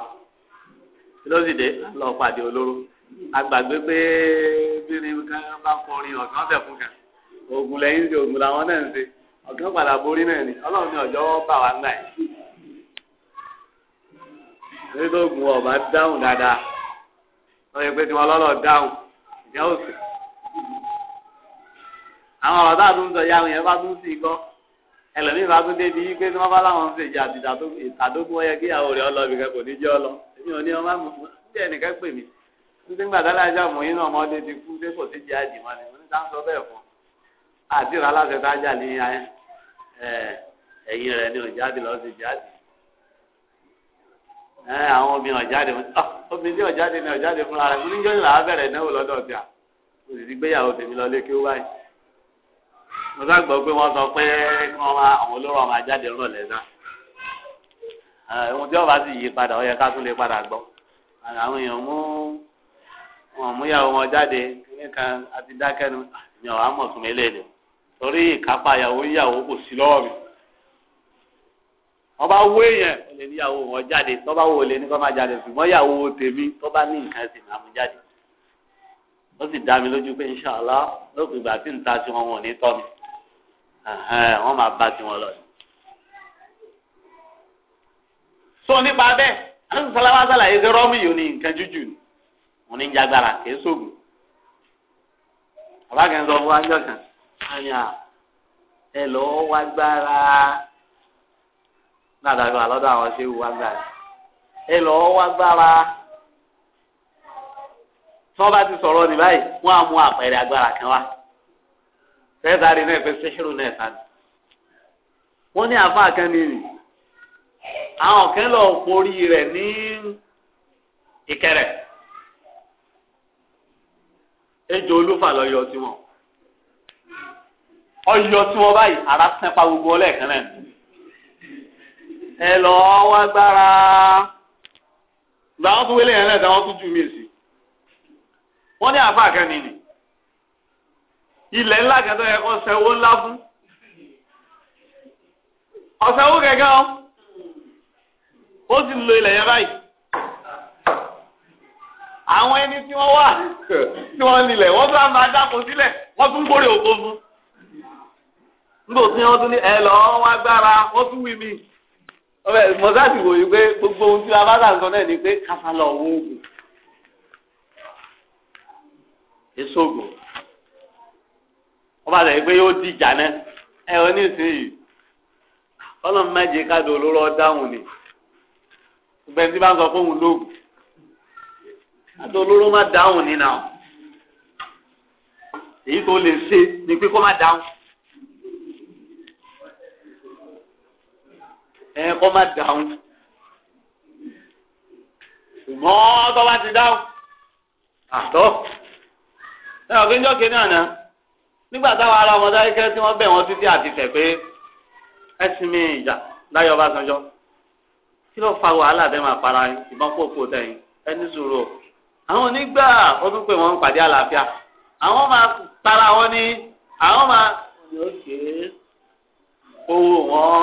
lọ́sídẹ̀ lọ́ọ́ pàdé olóró agbàgbé pé bí ni ká bá kọrin ọ̀sán ọ̀sẹ̀ fún kan oògùn lẹ́yìn ṣe oògùn làwọn náà ń ṣe ọ̀gán padà borí náà ni ọlọ́run ní ọjọ́ bà wá ńlá yìí nítorí tó oògùn ọ̀bá dáhùn dáadáa wọ́n yẹ pé tí wọ́n lọ́lọ́ dáhùn ìyá òsè àwọn ọ̀rọ̀ táà tó ń sọ ya àwọn yẹn bá tún sí ikọ́ ẹlòmíì bá tún débi yí pé tí wọ́n bá láwọn ń ṣèjà ìtàdógún ọyẹ kí ìyàwó rẹ̀ ọlọ́ọ̀bì kẹ́kọ̀ọ́ níjẹ́ ọlọ èmi ò ní ọmọ àmọ́ bí ẹnìkan pè mí nígbà tá lájà mọ̀ yín náà ọmọdé ti kú dé kò sí jẹ́ àjìmọ́ mo ní sáńsọ bẹ́ẹ̀ fún àti ìrà aláṣẹ tá a jà ní ẹ̀yìn rẹ̀ ní òjáde lọ sí jáde àwọn obìnrin ọ̀jáde ah, obìnrin tí ọ̀jáde ní ọ̀jáde fúnra rẹ̀ fún níjọ́ ìlà bẹ̀rẹ̀ náwó lọ́dọ̀ ti à mo sì ti gbéyàwó tèmi lọ lé kí ó báyìí mo sá gbọ́ pé wọ́n sọ pé kí wọ́n máa àwọn olóró ọmọ ajáde rọ̀ lẹ́sà ohun tí ọba sì yí padà ó yẹ ká tún lè padà gbọ́ àwọn èèyàn mú wọn mú wọn jáde nìkan àti dákẹ́nu ìyàwó àmọ̀tún mi lè lè torí ìkápá ìyàwó ìyàwó kò sí lọ́wọ́ mi ọba wó èèyàn ó lè níyàwó wọn jáde tọ́ba wo lè ní kọ́ máa jáde ṣùgbọ́n ìyàwó tèmi tọ́ba ní nǹkan sì máa mú jáde ó sì dá mi lójú pé inṣàlá lópin ìgbà tí ń ta sí wọn wọn ò ní tọ́ mi wọ́n máa bá tiwọn lọ. sọ nípa bẹ́ẹ̀ àwọn sọláwá sàlàyé pé rọ́ọ̀mù yìí ò ní nǹkan jújù ni ní ń jagbára kì í sóògùn. bàbá kan sọ fún wa ń jọ pààyàn ẹ lọ́wọ́ wá gbára náà dàgbà lọ́dọ̀ àwọn ṣé wá gbára ẹ lọ́wọ́ wá gbára tí wọ́n bá ti sọ̀rọ̀ ní báyìí wọ́n á mú àpẹẹrẹ agbára kan wá sẹ́ẹ̀dárì náà fẹ́ sẹ́hìrù náà sáré wọ́n ní àfa kan ní àwọn kan lọ forí rẹ̀ ní ìkẹrẹ̀ ejò olúfà lọ yọ tiwọn ọyọ tí wọn báyìí ara sẹpa gbogbo ọlẹ́ẹ̀kan náà ẹ lọ wá gbára làwọn tún wélé yẹn náà táwọn tún jù mí sí wọn ní àfa kan nìyí ilẹ̀ ńlá kan tó yẹ kó sẹ́wó ńlá fún ọ̀sẹ̀wó kẹ̀kẹ́ ọ ó sì lo ilẹ̀ yẹn báyìí àwọn ẹni tí wọ́n wà tí wọ́n nílẹ̀ wọ́n tún á máa dáko sílẹ̀ wọ́n tún gbórè òkú fún nbòsí wọn tún ní ẹ lọ wọn agbára wọn tún wí mi ọbẹ mọsáàsì wòye pé gbogbo ohun tí abáta sọ náà ni pé kásá lọ wọ oògùn èso oògùn wọn bá tẹ̀lé pé yóò di ìjà náà ẹ ọ nísìnyìí ọlọ́run méje káàdì olóró ọ̀dáhùn ni gbogbo ẹni tí bá ń sọ fóun lóògùn káàdì olóró má dáhùn ni náà èyí tó lè ṣe ni pé kó má dáhùn. ẹ kọ́ má dáhùn ṣùgbọ́n tó bá ti dáhùn àtọ́ ẹ ò fi ń jọ́ kéde àná nígbà táwọn ará ọmọdé ayíkẹ́ tí wọ́n bẹ̀ wọ́n títí àti fẹ̀ pé ẹ sinmi ìjà láyọ̀ Ọbásanjọ́ kí ló fa wàhálà bẹ́ẹ̀ máa para ìbọn pòpò tẹ̀yìn ẹni sùúrù àwọn onígbà wọ́n tún pè wọ́n ń pàdé àlàáfíà àwọn máa para wọn ní àwọn máa òkè owó wọn.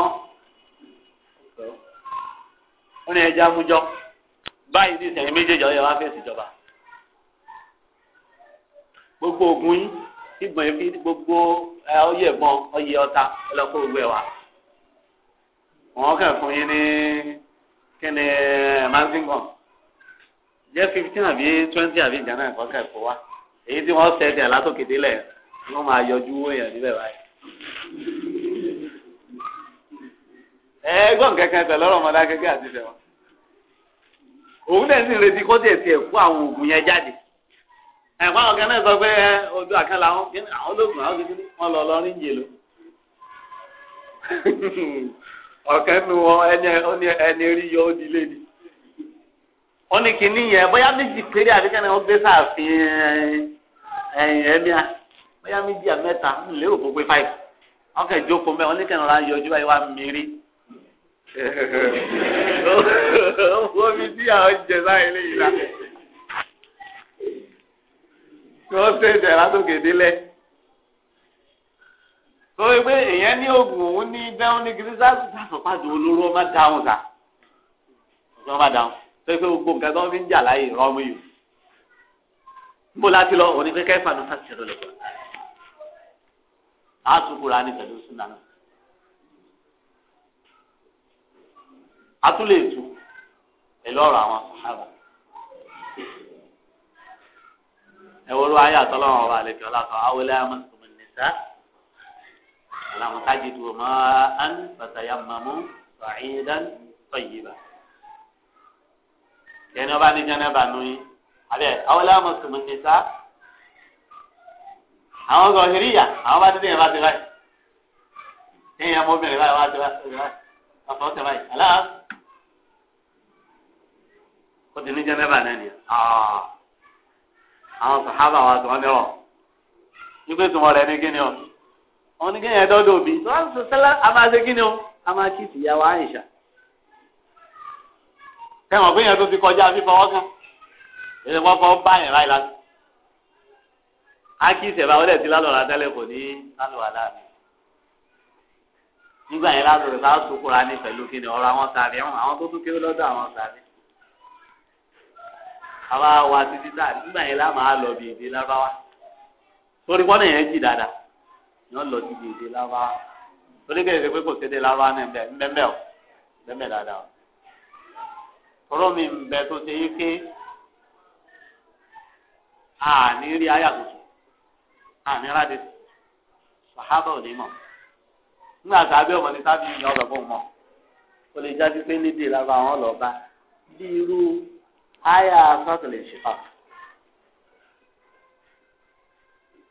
onye ni ẹja amújọ báyìí ní ìsẹ̀yìn méjèèjì ọ̀yọ́ wá fèsì gbogbo ogun yín ìbọn gbogbo ọyẹ ìbọn ọyẹ ọta ọlọ́kọ̀ ka wa wọn kàn fún yín ní kíni mansingan jẹ́ fifteen àbí twenty àbí fún wa èyí tí wọ́n sẹ́ẹ̀dì àlátòkèdè lẹ̀ wọ́n máa yọjú owó yẹn níbẹ̀ ẹgbọn kẹkẹ tẹ lọrọ ọmọdé akẹkẹ àti ìfẹ́ wọn òun náà sì ń retí kó tiẹ̀ tiẹ̀ kó àwọn oògùn yẹn jáde ẹ̀fọ́ àwọn kan náà sọ pé ojú àkàn làwọn àwọn àwọn ọ̀kẹ́ nu wọn ẹni ẹni rí yọ lé ní bóyá méjì péré wọ́n gbé sáàfin ẹ̀yìn bóyá méjì àmẹ́ta ńlẹ́ wọ́n fi dí àwọn jẹ sáyẹn léyìí la kí wọ́n ṣe ìdẹ̀ látòkè délẹ̀ lórí pé èèyàn ní oògùn òun ní dáhùn ní gidi sáàsì sàfọ̀pàdé olóró ọmọ dáhùn sá ọmọ bá dáhùn lórí pé gbogbo nǹkan tó ń fi ń jà láyè rọmú yìí níbo láti lọ òní pé kẹfà ló fà ṣẹlẹ̀ lọ àtúkùrà ní pẹ̀lú sùn náà. atúlẹ̀ ètù pẹ̀lú ọ̀rọ̀ àwọn sàhábà. ẹ wo ló ayé àtọ́lọ́wọ́n ọba àlejò ọlọ́kọ̀ awolẹ́ amọ̀tòmọ̀ nìta alamusaji tó máa ń bàtàyà mamu bàyìndán tọ́yìnbà. yẹn ni ọba ní jẹ́nẹ́bà nù yín abẹ́ awolẹ́ amọ̀tòmọ̀ nìta àwọn ọgọ ìrìyà àwọn bá dídé yẹn bá ti báyìí. ẹ̀yin ọmọbìnrin báyìí wá ti báyìí ọ̀fọ̀ ti báyìí aláàbò ó ti ní jẹ́nẹ́bà náà ni ah. àwọn sàhábà wa tó wọ́n mìíràn nígbè tó wọ́n rẹ̀ ní kíni o wọ́n ní kíni ẹ̀dọ́ dòbí tó wọ́n sọ sẹ́lá a kíni o a máa kí ìyàwó àyíṣà kẹwọn pé yẹn tó ti kọjá fífọwọ́ kan èdè wọn fọwọ́ bá yẹn láti a kí wọlé ti lálọ́ra tẹ́lẹ̀ kò ní lálọ́ra láàmì nígbà yẹn lálọ́ra tá a sùkúra ní kíni ọ̀rọ̀ àwọn sàrí àwọn tó tún kéré lọ́dọ̀ àwọn sàrí àwa wa títí tá nígbà yẹn lá máa lọ bí èdè lábáwá torí wọ́n yẹn jì dáadáa ni wọ́n lọ sí bí èdè lábáwá torí bẹ́ẹ̀ ṣe pé kò sédè lábáwá náà bẹ́ẹ̀ ńbẹ́ńbẹ́ o bẹ́ẹ̀ dáadáa o tọrọ mi ń bẹ tó ṣe yí pé àní rí ayà tuntun àní ráde sàhábà ò ní mọ̀ nígbà sábẹ́ ọmọ ní sábẹ́ ìyá ọ̀dọ̀ fún mọ́ o lè jáde pé nídìí lábáwá wọn lọ bá bí irú. آية صوت الانشقاق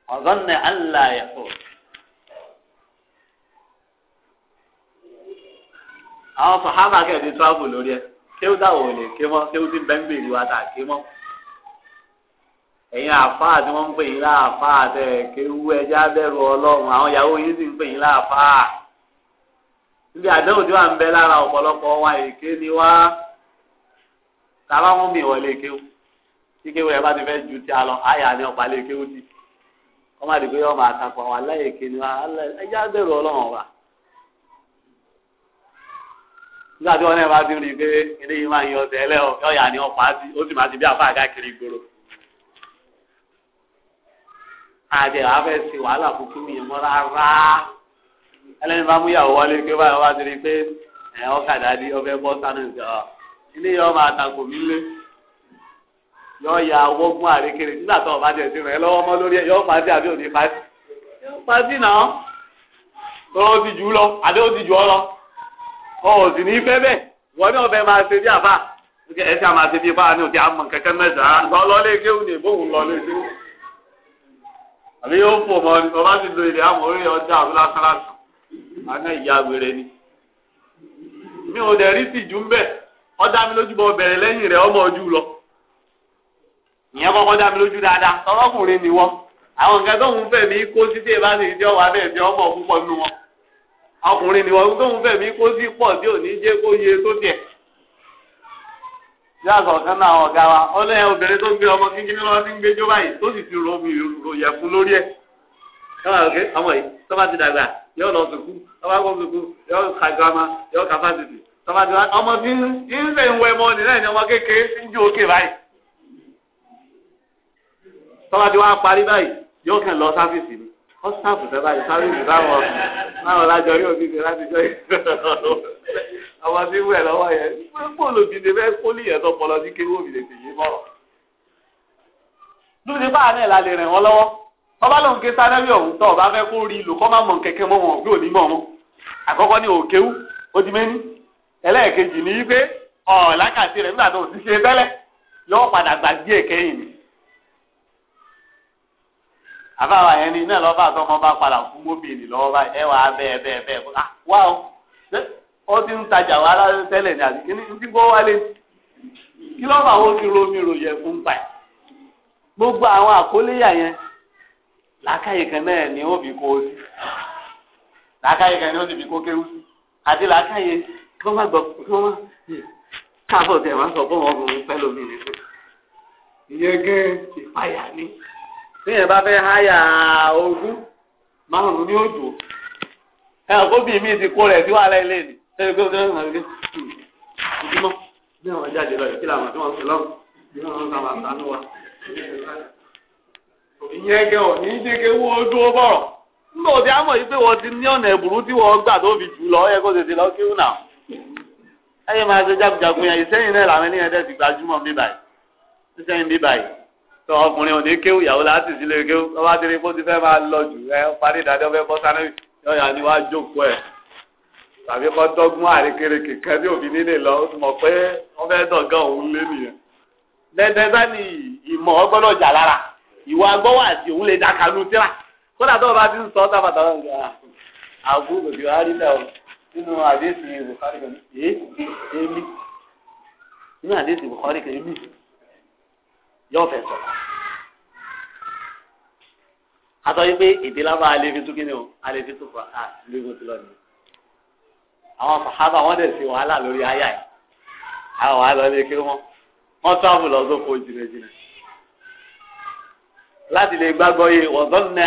وظن أن لا يقول àwọn sọ̀hábà kẹ̀dé tíráàbù lórí ẹ̀ kéwù táwọn ò lè ké mọ́ kéwù tí bẹ́ńbì rí wa tà ké mọ́ ẹ̀yin àfáà tí wọ́n ń pè yín láàfáà tẹ̀ kéwù ẹja bẹ̀rù ọlọ́run àwọn ìyàwó yín sì ń pè yín láàfáà níbi àdéhùn tí wọ́n ń bẹ lára ọ̀pọ̀lọpọ̀ wa èké ni wá tàbá wọn mi wọlé kéwù tí kéwù yẹn bá ti fẹ́ ju ti a lọ àyà ni ọ̀pá lè kéwù ti wọ́n má di pé wọ́n máa takọ̀ àwọn aláìké ni ẹjẹ́ àgbèrò ọlọ́run wa. nígbà tí wọ́n náà bá ti rí i pé eléyìí máa ń yọ ọ̀sẹ̀ ẹlẹ́ ọ̀yà ni ọ̀pá sí ó sì máa ti bí àfa àgákiri ìgboro. àti àwọn afẹ́ ṣe wàhálà kúkú mi mọ́ rárá ẹlẹ́ni bá mú ìyàwó wọlé pé báyọ̀ wá ti rí i pé ẹ̀ ọ́ kàdá dí ọ ilé yọ máa tàkò mí lé yọ ya wọgbọn àrékèrè nígbà tó ọba jẹ sínú ẹ lọ́wọ́ mọ lórí ẹ yọ pàṣẹ àbí òní pàṣẹ yọ pàṣẹ náà lọ́wọ́ ti jù ú lọ àbí ó ti jù ọ lọ ọ ò sì ní fẹ́ bẹ́ẹ̀ wọ́n ní ọbẹ̀ máa ṣe bí àbá ẹ ṣe àmà ṣe bí bá ní òkè àmọ̀ kẹ̀kẹ́ mẹ́sàn-án lọ lọ lé kéwù ní ìbòhùn lọ lé àbí yóò fò mọ ọba ti lo ilé àmọ̀ orí ọjà àbí lásán àná ìyá wèrè ni mi ò dẹ̀ rí tìjú ń bẹ́ẹ̀. ọ mi lójú bọ bẹ̀rẹ̀ lẹ́yìn rẹ̀ ọmọ ojú lọ ìyẹn kọ́kọ́ dá dáadáa tọrọkùnrin ni àwọn nǹkan tó ń mi kó sí tí sì wà ọmọ nínú wọn ọkùnrin ni wọn tó ń mi kó sí pọ̀ tí ò ní jẹ́ kó yẹ tó ọmọ kíkí lọ́wọ́ ní báyìí tó sì rọ mi fún lórí ẹ̀. ọmọ yìí tọ́mọdé ọmọ tí ń sè ń wẹ mọ́ ni náà ni ọmọ kékeré ń ju òkè báyìí tọ́mọdé wa parí báyìí yóò kàn lọ sáfìsì ni ó sáàpù tẹ́ báyìí sáfìsì táwọn táwọn lájọ rí òbí mi láti jọ yìí ọmọ tí ń wẹ̀ lọ́wọ́ yẹn bóòlù bí ni bẹ́ẹ̀ kólì yẹn tó pọ̀ lọ sí kéwọ́ mi lè tèyí bọ̀rọ̀ lóde báà náà la lè rìn wọn lọ́wọ́ ọba lòun ké sáré ọ̀hún tọ́ ọba fẹ́ kó rí ìlú kọ́ máa mọ̀ kẹ̀kẹ́ mọ́ wọn bí òní mọ̀ wọn àkọ́kọ́ ní òkéwú ó di méní ẹlẹ́ẹ̀kejì ni wípé ọ̀làkàtì rẹ̀ nígbà tó o ti ṣe tẹ́lẹ̀ yóò padà gbàgbé èkéyìn ni àbáwá yẹn ni iná lọ́ba bá padà fún mọ́bìlì ẹ wà á bẹ́ẹ̀ bẹ́ẹ̀ bẹ́ẹ̀ ah, wá o ó ti ń tajà wá tẹ́lẹ̀ ní àbí kíní ti gbọ́ wálé kí lọ́ba fún pa ẹ̀ gbogbo àwọn àkóléyà yẹn làákàyè kan náà ni ó ni ó kí wọ́n má gbọ́ kí wọ́n má káàbọ̀ tẹ̀ máa sọ fún wọn ọkùnrin pẹ́ lómi nínú ìyẹn gẹ́ ìpayà ni bíyẹn bá fẹ́ háyà ogún márùn-ún ní òjò ẹ̀ ọ̀kọ́ bíi mi ti kó rẹ̀ sí wàhálà ilé ni ṣé ìgbé òjò náà rí ojúmọ́ bí àwọn jáde lọ ìkílà àwọn tí wọ́n fi lọ́wọ́ bí wọ́n sábà sánú wa. ìyẹn gẹ́ ọ̀ ní jẹ́gẹ́ wó dúró bọ̀rọ̀ nígbà òde àmọ̀ yìí pé wọ́n ti ní ọ̀nà ẹ̀bùrú tí wọ́n gbà tó fi jù lọ ẹ̀ kó ẹyẹ máa ṣe jagunjagun yẹn ìsẹ́yìn náà làwọn ènìyàn dẹ̀ ti gbajúmọ̀ bí báyìí ìsẹ́yìn bí báyìí tó ọkùnrin òní kéwù ìyàwó láti sílé kéwù ọba tẹ̀lé kó ti fẹ́ máa lọ jù ẹ parí ìdájọ́ fẹ́ bọ́ sáré yọ̀yà ni wàá jókòó ẹ̀ tàbí kọ́ dọ́gbọ́n àrékérekè kan tí òbí nílé lọ ó ti mọ̀ pé wọ́n fẹ́ dọ̀gán òun lé nìyẹn dẹ́dẹ́ bá ní ìmọ̀ ọgbọ́dọ̀ jà lára ìwà agbọ́wọ́ àti òun lè dákanú tíra kódà tó o bá ti ń sọ ọ́ tábàtà ah, àbúrò kò nínú àdéhùn Bukhari kan èé èmi nínú àdéhùn Bukhari kan èmi yóò fẹ́ sọ. atọ́ yìí pé èdè lábá alẹ́ fi tún kí ni o alẹ́ fi tún kọ́ à lórí mo ti lọ nìyẹn àwọn sàhábà wọn dẹ̀ ṣe wàhálà lórí àyà yìí àwọn wàhálà lè kí wọn wọn tábù lọ sóko jìnnàjìnnà láti lè gbàgbọ́ yìí wọ́n zọ́nà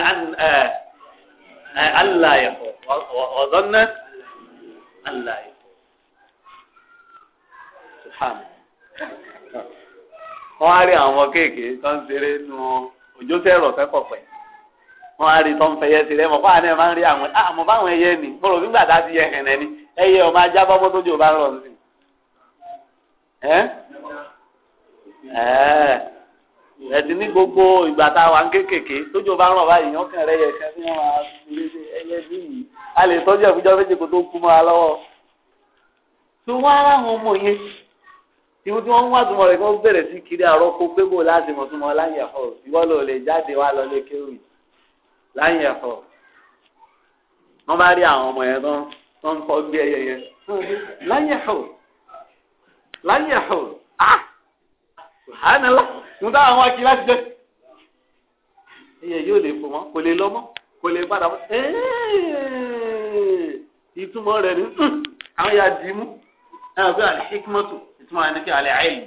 àlàyé wọ́n zọ́nà. Allah ya subhana wọn á rí àwọn ọmọ kéèké tó ń ọ òjò tẹ á rí tó ń fẹyẹ ṣeré fún máa ń rí àwọn àmọ́ ah, báwọn ẹyẹ ni mo rò nígbà ti ni ẹyẹ ẹ. ẹ̀sìn ní gbogbo ìgbà tá a wà ń kékèké tójú bá ràn báyìí yàn kàn rẹ yẹ kàn fi hàn án ẹyẹ bí yìí a lè tọ́jú ẹ̀fúnjọ́ méje kó tó kú mọ́ a lọ́wọ́. tó wá ara àwọn ọmọ yẹn tí wọ́n tí wọ́n ń wá túmọ̀ rẹ̀ kí wọ́n bẹ̀rẹ̀ sí kiri àárọ̀ kó pé bò láti mọ̀ túmọ̀ láyìn ẹ̀fọ́ ìwọ́n lò lè jáde wá lọ lé kéwì láyìn ẹ̀fọ́. wọ́n bá rí àwọn ọmọ yẹn tán tó ń fọ́ gbé ẹyẹ yẹn láyìn ẹ̀fọ́ láyìn ẹ̀fọ́ ah subhanallah ń dá àwọn akí láti jẹ iye yóò lè fò mọ kò lè lọ mọ kò lè padà mọ ìtumọ̀ rẹ̀ ni àwọn yà dì í mú ẹ̀ bí alihikimọ́tò ìtumọ̀ rẹ̀ ni kí alẹ́ àìlì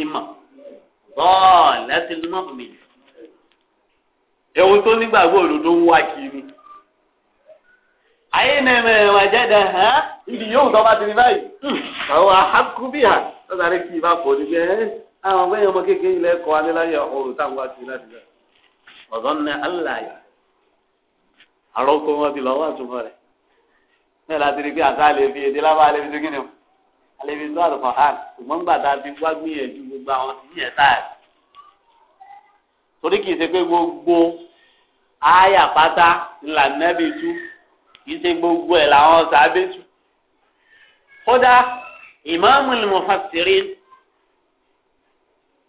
ìmọ̀ bọ́ọ̀lù láti lọ́mọ̀ mi ewu tó nígbàgbọ́ òdodo ń wá kiri ayé nẹ̀mẹ̀ wàjáde hàn ibi yóò tọ́ bá ti ní báyìí àwọn ahakubi hàn lọ́sàrí kí ibà pọ̀ nígbẹ́ àwọn ọmọ ẹ̀yàn ọmọ kékeré ilẹ̀ kọ́ adéláyà ọ̀rọ̀ táwọn wá sí láti bẹ̀rẹ̀ ọ̀dọ́ ní aláyà àròkọ wọn ti lọ́wọ́ àtúmọ̀ rẹ̀ ní ẹ̀la ti rí pé àtà lè fi èdè lábá lè fi dúkìní o lè fi tó àlùfọ̀ hàn ṣùgbọ́n gbà tá a ti wá gbìyànjú gbogbo àwọn ti yẹ táà torí kì í ṣe pé gbogbo àyà pátá ńlá nẹ́bí tú kì ṣe gbogbo ẹ̀ làwọn sábẹ́ tú kódà ìmáàmù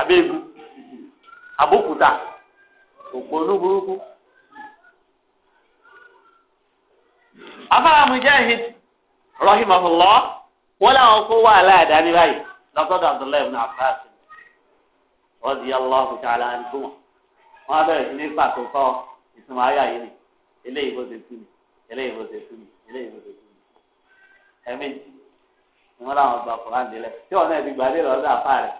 abegu abókúta òpó olúburúkú. afárá mujahid rahimahullah wọn làwọn kó wà láàdáni báyìí lọ́sọ̀dọ̀ abdullahi ibn abbas radiyallahu ta'ala anhuma wọn abẹ́rẹ́ sí ní pàtó kọ́ ìtumọ̀ ayé ayé ni eléyìí bó ṣe tú mi eléyìí bó ṣe tú eléyìí bó ṣe ni wọn làwọn tí wọn náà ti àfáà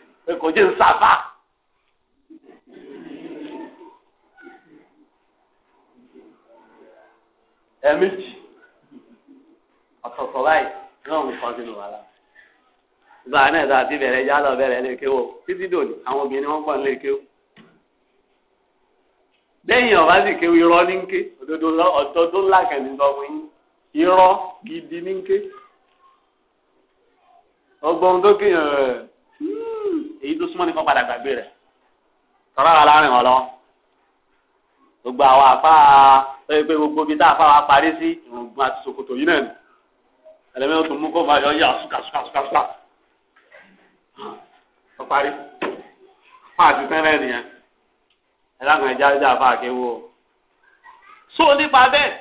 pé kò jẹ́ nsàfà. ẹ̀ẹ̀mejì ọ̀tọ̀ọ̀tọ̀ báyìí náà ń kọ́ sínú wàhálà gbà náà tó àti bẹ̀rẹ̀ yálà bẹ̀rẹ̀ lè kéwò títí dòní àwọn obìnrin wọn pọ̀ lè kéwò lẹ́yìn ọ̀bá sì kéwò irọ́ ní ké òdodo ọ̀tọ̀ tó ńlá kẹ́ni sọ fún yín irọ́ gidi ní ké ọgbọ́n tó kéèyàn rẹ̀ tó súnmọ́ ní kọ́ padà gbàgbé rẹ̀ tọ́lá wa láàrin wọn lọ gbogbo àwọn àfa ẹ pé gbogbo bíi tá àfa wa parí sí ìrùngbọ̀n àti ṣòkòtò yìí náà ni ẹlẹ́mẹ́rin tó mú kó máa yọ yà súkàsúkàsúkà ọ parí fún àti tẹ́lẹ̀ nìyẹn ẹ lákàn ẹ jáde àfa àkéwò o. so nípa bẹ́ẹ̀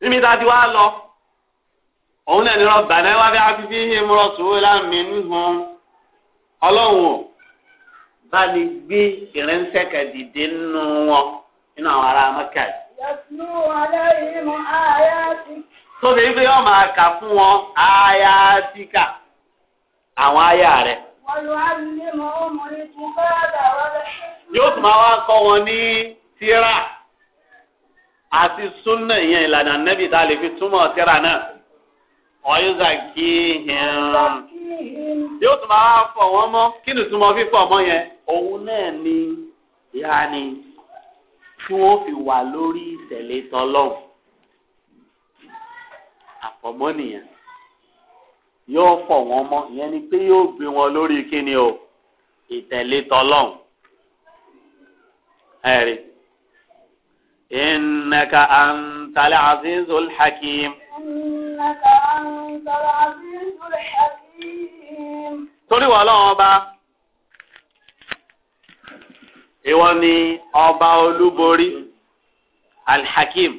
níbi tá a ti wá lọ òun náà ní rọ bàdá wá fẹ́ afifi yìí mú rọ sùúrù láàmì nìhun. ọlọ́run bá mi gbé ìrẹ́nsẹ́ kan dìde nínú wọn nínú àwọn ará mẹ́kà yìí. yàtúrú mọ mu àyàtì. tó fi gbé ọmọ àkà fún wọn àyàtìkà àwọn àyà rẹ. wọ́lù àmì mọ ọmọdé tún bá dàrọ́ rẹ̀. yóò tún máa wá kọ́ wọn ní tíra àti súnà ìlànà nẹ́bí tá a lè fi túmọ̀ tíra yóò tún máa fọ̀ wọ́n mọ́ kí ni túmọ̀ fífọ̀ mọ́ yẹn òun náà ni yaani tí wọ́n fi wà lórí ìtẹ̀lé tọlọ́hùn àfọ̀mọ́ nìyẹn yóò fọ̀ wọ́n mọ́ ìyẹn ni pé yóò gbé wọn lórí kíni o ìtẹ̀lé tọlọ́hùn ẹ̀rí innaka antal azizul hakim. innaka antal azizul hakim torí wọ́n lọ́wọ́ ọba ìwọ ni ọba olúborí alhakim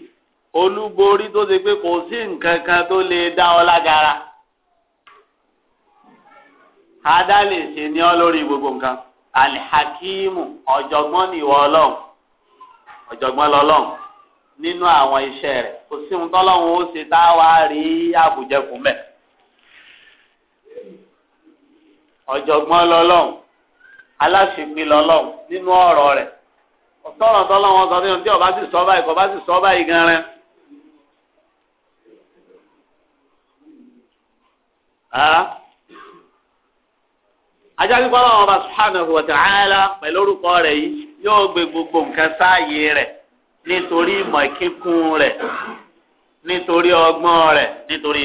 olúborí tó ṣe pé kò sí nǹkan kan tó lè dá ọ lágara adá lè ṣe ní ọ lórí gbogbo nǹkan alihakimu ọ̀jọ̀gbọ́n ni ìwọ ọlọ́run ọ̀jọ̀gbọ́n lọ́lọ́run nínú àwọn iṣẹ́ rẹ̀ kò sí ohun tọ́lọ́run ó ṣe tá a wá rí àbùjẹ fún bẹ́ẹ̀. ọ̀jọ̀gbọ́n lọ́lọ́run aláṣepin lọ́lọ́run nínú ọ̀rọ̀ rẹ̀ ọ̀tọ́rọ̀ tọ́lọ́wọ́n sọ fún yẹn tí ọba sì sọ báyìí kọba sì sọ báyìí gan rẹ. ajá pípọ́ lọ́wọ́ ọba subhanahu wa ta'ala pẹ̀lú orúkọ rẹ̀ yìí yóò gbé gbogbo nǹkan sáàyè rẹ̀ nítorí ìmọ̀ rẹ̀ nítorí ọgbọ́n rẹ̀ nítorí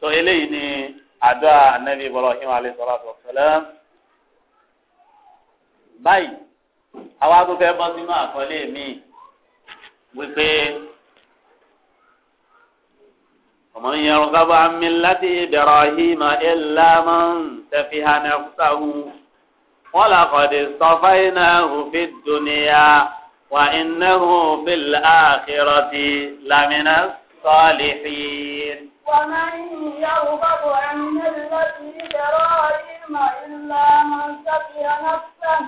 so eléyìí ni àdó ànábì Ibrahim alayhi salatu wassalam báyìí àwa tó fẹ́ bọ́ sínú àkọlé mi wípé ọmọ yẹn kábà mílátì Ibrahim illa man safiha nafsahu wa laqad istafainahu fid dunya wa innahu fil akhirati lamina salihin. ومن يرغب عن ملة إبراهيم إلا من سفي نفسه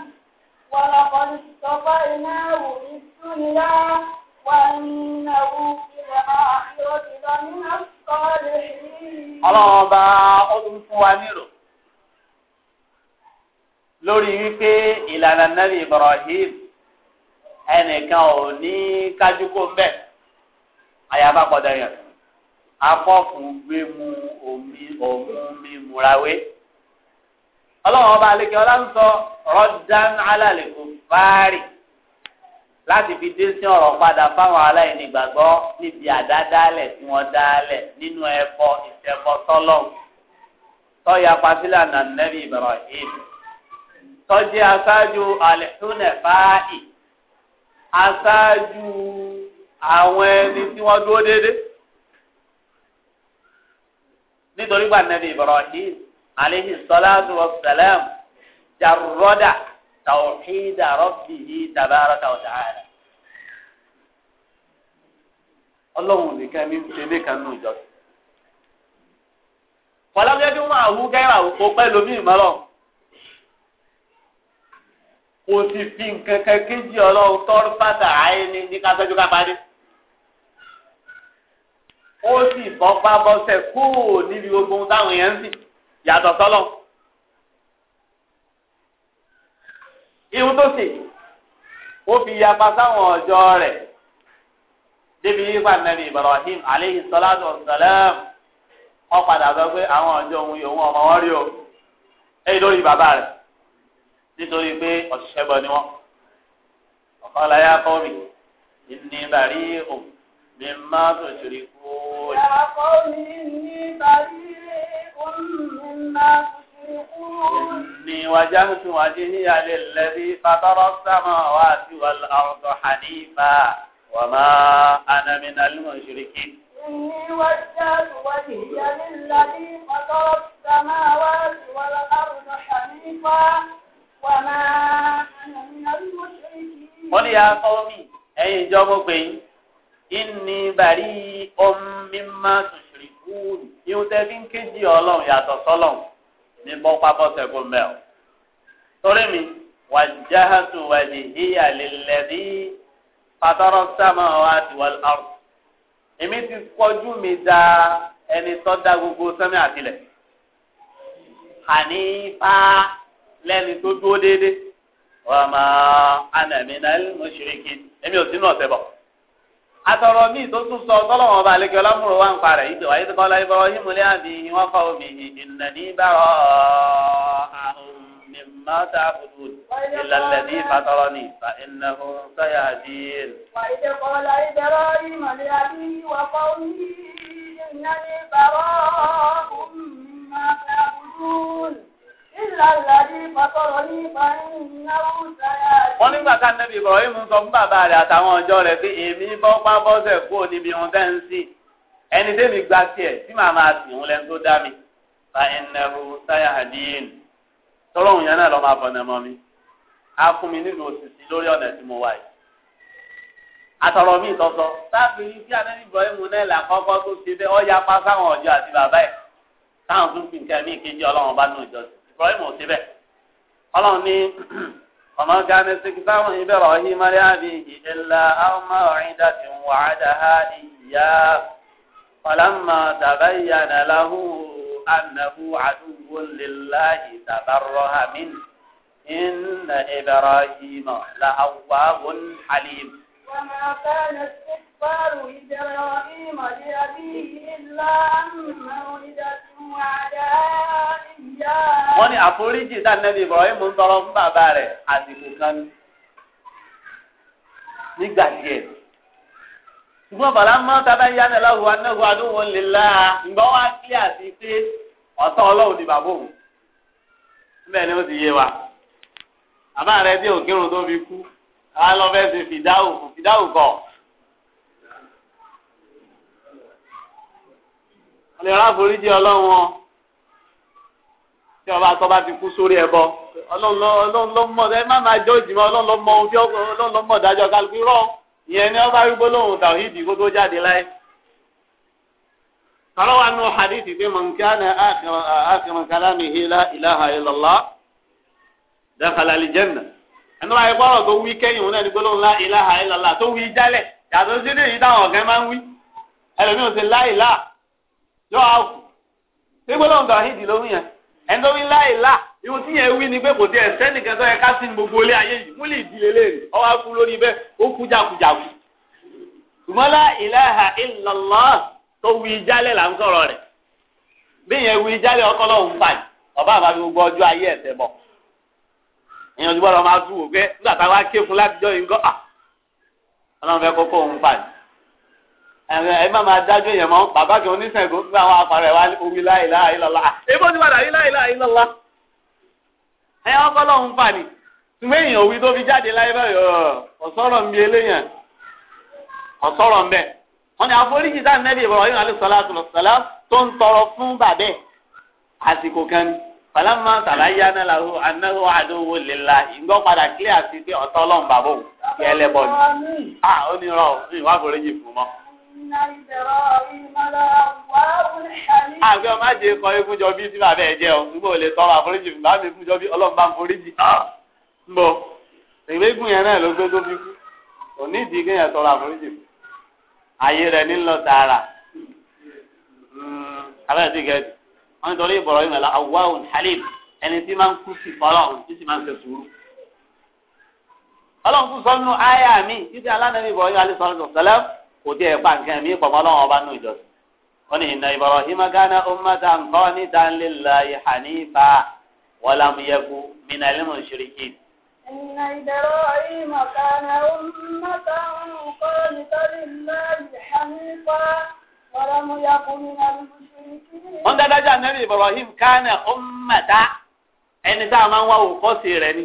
ولقد اصطفيناه في الدنيا وإنه في الآخرة لمن الصالحين. الله أبا أدم فوانيرو lórí wípé ìlànà nàbì Ibrahim ẹnìkan ò ní kájú kó ń bẹ àyàbá pọdà yẹn afọ́fun gbé mu omi òun mi múrawé. ọlọ́run ọba àlekè ọlá ń sọ rọ́dán alálẹ̀ kò fáárì láti fi dé sí ọ̀rọ̀ padà fáwọn aláìní gbàgbọ́ níbi àdádálẹ̀ tí wọ́n dálẹ̀ nínú ẹ̀fọ́ ìṣẹ̀fọ́ tọ́lọ̀ tọ́ya pasílà nà Ibrahim tọ́jú aṣáájú alẹ́túnẹ̀fáì aṣáájú àwọn ẹni tí wọ́n dúró déédéé nítorí gba nàbí ibrahim aleyhi sọláàtú wa sàlám jarrọ́dà tawhida rabbihi tabaraka wa ta'ala. ọlọ́run nìkan ní tẹ́lẹ̀ kan ní ìjọ. fọlábíyá bí wọn àwú gẹ́rà kó pẹ́ lómi ìmọ̀lọ́. kò sì fi nǹkan kan kéjì ọlọ́run tọ́rọ́ pátá àyè ní ká sọ́jú ká parí ó sì bọ́pá bọ́sẹ̀ kúrò níbi gbogbo ohun táwọn èèyàn ń sìn yàtọ̀ sọ́lọ̀. ihun tó sì ó fi yapa sáwọn ọjọ́ rẹ̀ débi yípa nàbí Ibrahim aleyhi salatu wa salam wọ́n padà sọ pé àwọn ọjọ́ òun yòówù ọmọ wọn rí o èyí lórí bàbá rẹ̀ nítorí pé ọ̀ṣẹ́bọ ni wọ́n ọ̀kọ́ láyà kọ́ mi ìní bàrí òun mímá tó ṣòrí kú. يشركون يا قوم إني بريء مما تشركون إني وجهت وجهي للذي فطر السماوات والأرض حنيفا وما أنا من المشركين إني وجهت وجهي للذي فطر السماوات والأرض حنيفا وما أنا من المشركين قل يا قومي أي جمع بين inni bari ọmọmímá tùsùrìkú ihun tẹ fi ń kéjì ọlọ́run yàtọ̀ sọ́lọ́run ní bọ́pápọ́sẹ̀ kó mẹ́ o. torí mi wàjáhàtú wàjìhíyà lẹ́lẹ́dí fatọ́rọ́ sámà wà tiwọ́l ọ̀rọ̀. èmi ti kọjú mi da ẹni tó dá gbogbo sẹ́mi àtìlẹ̀. hànífà lẹ́ni tó dúró déédéé. wàmà ànàmínà mùsùlùmí èmi ò sínú ọ̀sẹ̀ bọ̀ atọrọ mi tó tún sọ tọlọmọ ọba àlejò ọlámúrò wà ń parẹ yìí tó wáyé tó kọlá ibrahim lé àbí wọn fọ omi ìnàní bàrọ àhùn ní mọta àbùdù ìlàlẹbí fatọrọ ní ìfà ìnáwó sọyà àdíyẹn. wáyé tó kọlá ibrahim lé àbí wọn fọ omi ìnàní bàrọ àhùn ní mọta àbùdù wọ́n nígbà tá nẹ́bí Ibrahim sọ fún bàbá rẹ̀ àtàwọn ọjọ́ rẹ̀ pé èmi bọ́ pa bọ́sẹ̀ kúrò níbi ohun tẹ́ ń sìn ẹni tẹ́mi gba tiẹ̀ tí màá máa sìn òun lẹ́nu tó dá mi fa ẹnẹ́rù sáyà àdíyìn tọ́lọ́ òun yẹn náà lọ́ máa fọ̀nà mọ́ mi á fún mi nílùú òṣìṣì lórí ọ̀nà tí mo wà yìí. àtọ̀rọ̀ mi ìtọ́sọ sáàpì yìí tí anẹ́bí Ibrahim náà là kọ́kọ́ tó Ibrahim ò síbẹ̀ ọlọ́run ní ọmọ gánà síkítàwọn ìbẹ̀rọ̀ ọ̀hìn mọ́lẹ́ àbí ìdílà ọmọ ọ̀rìn dàtí wàhádà ha ìyá ọ̀làmà tàbáyànà láhù ànàhù àdúgbò lélàhì tàbárọ̀ hàmín إن إبراهيم لأواه حليم وما كان استغفار إبراهيم لأبيه إلا عن موعدة وعدها إياه wọ́n ní àforíjì tá nẹ́bí Ibrahim ń tọrọ fún bàbá rẹ̀ àsìkò kan ní nígbà díẹ̀ ṣùgbọ́n bàbá mọ́ tábà ń yánà lọ́wọ́ anáwó adóhùn lè la wá kí àti pé ọ̀tọ̀ ọlọ́run ni bàbá òun bẹ́ẹ̀ ni ó ti yé wa bàbá rẹ̀ bí òkèrò tó fi kú àwọn lọ́fẹ́ ṣe fìdáwò fìdáwò kọ̀. ọlẹ́ rà foríjì ọlọ́run wọn tí ọba tó bá ti kú sórí ẹbọ ọlọ́run ló mọ̀ ẹ má máa jọ ìjìmọ̀ ọlọ́run ló mọ̀ ohun tí ọlọ́run ló mọ̀ dájọ́ kálukú rọ̀ ìyẹn ni ọba arúgbó lòun tàwídìí kó tó jáde láyé. قرأوا عنه حديث من كان آخر آخر كلامه لا إله إلا الله دخل الجنة ẹnu àyè gbọ́dọ̀ tó wí kẹ́yìn òun náà ní gbólóhùn la ilaha illallah tó wí jálẹ̀ yàtọ̀ sí ní èyí táwọn ọ̀gá máa ń wí ẹlòmíràn ṣe la yọ àwù gbégbé lọ́n tọ́ àhídì lórí yẹn ẹni tó wí láì lá ihun tí yẹn wí ni pé kò tí ẹ gbogbo ilé ayé yìí múlì ìdílé léèrè ọwọ́ akú lórí bẹ́ẹ̀ ó kú jákujàku ṣùgbọ́n lá ìlàhà tó wí jálẹ̀ là ń sọ̀rọ̀ rẹ̀ bí yẹn wí jálẹ̀ ọba àbá mi ọjọ́ ayé ẹ̀sẹ̀ bọ̀ máa pé nígbà táwa ké fún ẹ má máa dájọ́ yẹn mọ́ bàbá kan oníṣègùn nígbà àwọn afárẹ̀ wa omi láìláà ìlọ́lá ebó ti padà ìláìláà ìlọ́lá ẹ ọkọ lọ́hún fà ní ṣùgbọ́n èèyàn tó fi jáde láyé báyọ̀ ọ̀sọ́rọ̀ ń eléyàn ọ̀sọ́rọ̀ ń bẹ̀ wọ́n ní àforíjì tá nẹ́bí ìbọ̀rọ̀ yìí alẹ́ sọlá tó sọlá tó ń tọrọ fún bàbẹ́ àsìkò kan àgbẹ̀ ọmọ àjẹ kọ ikúnjọ bí sí bàbá ẹ jẹ ọ nígbà olè tọrọ àforíjì fún bàbá ikúnjọ bí ọlọ́mọba ń foríjì ń bọ ìrẹ́gùn yẹn náà ló gbé tó fi kú òní ìdí kéèyàn tọrọ àforíjì fún ayé rẹ nílò tààrà hmm, abẹ́rẹ́ sí gẹ̀ẹ́dì wọ́n nítorí ìbọ̀rọ̀ yìí mẹ́la awáhùn halim ẹni tí máa ń kú sí fọlọ́hùn tí sì máa ń ṣe sùúrù. ọlọ́run kú sọ́nù áyà kò tí ẹ pa nǹkan mi pọ̀ mọ́ ọlọ́run ọba nù ìjọsìn wọ́n ní inna Ibrahima kana ummatan qanitan lillahi hanifa wa lam yaku minal mushrikin. inna Ibrahima kana ummatan qanitan lillahi hanifa wa lam yaku minal mushrikin. wọ́n dájú ànábì Ibrahim kana ummata ẹni tá a máa ń wá òkọ́sì rẹ̀ ni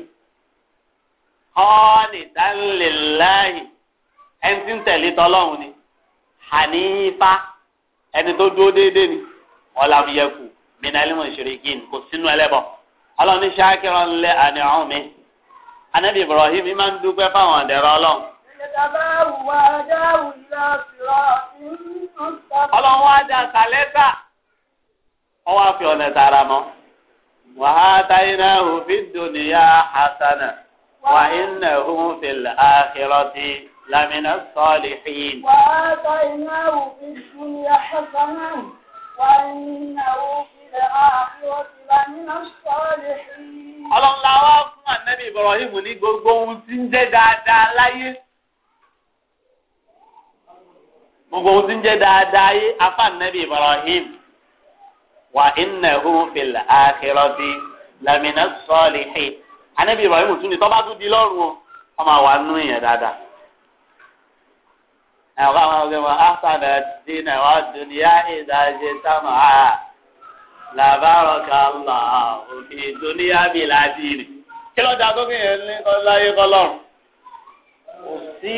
qanitan lillahi. ẹni tí ń tẹ̀lé tọlọ́run ni hànífà ẹni tó dúró déédéé ni ọ̀làmìyẹ̀kù mìnàlímù ìṣèrékìn kò sínú ẹlẹ́bọ ọlọ́run ní ṣáàkìrọ̀ ńlẹ̀ àní ọ̀hún mi anabi ibrahim máa ń dúpẹ́ fáwọn ọ̀dẹ̀rọ̀ ọlọ́run. ọlọ́run wá dá sàlẹ́sà ọwọ́ àfi ọ̀nà tààrà mọ́ wàá táyínà òfin dùnìyà hasana wàá iná òun fìlà àkìrọ̀tì. لمن الصالحين وآتيناه في الدنيا حسنة وإنه في الآخرة لمن الصالحين Ọlọ́run la wá fún ànábì Ibrahim ní gbogbo ohun tí ń jẹ́ dáadáa láyé. Gbogbo ohun tí ń jẹ́ dáadáa yé afá ànábì Ibrahim. Wa innahu fil akhirati lamina salihin. Ànábì Ibrahim tún ní tọ́ba tún di lọ́rùn ọmọ àwa nú ìyẹn dáadáa ẹ̀wọ́ àwọn ọ̀gbìn wọn ásàdà dín ẹ̀wọ́ dùnìyà ìdájẹ́ sámà á làbárọ̀kà lọ òkè dùnìyà mi láti rì. kí ló dá sókè yẹn ní láyé kọlọ́run? kò sí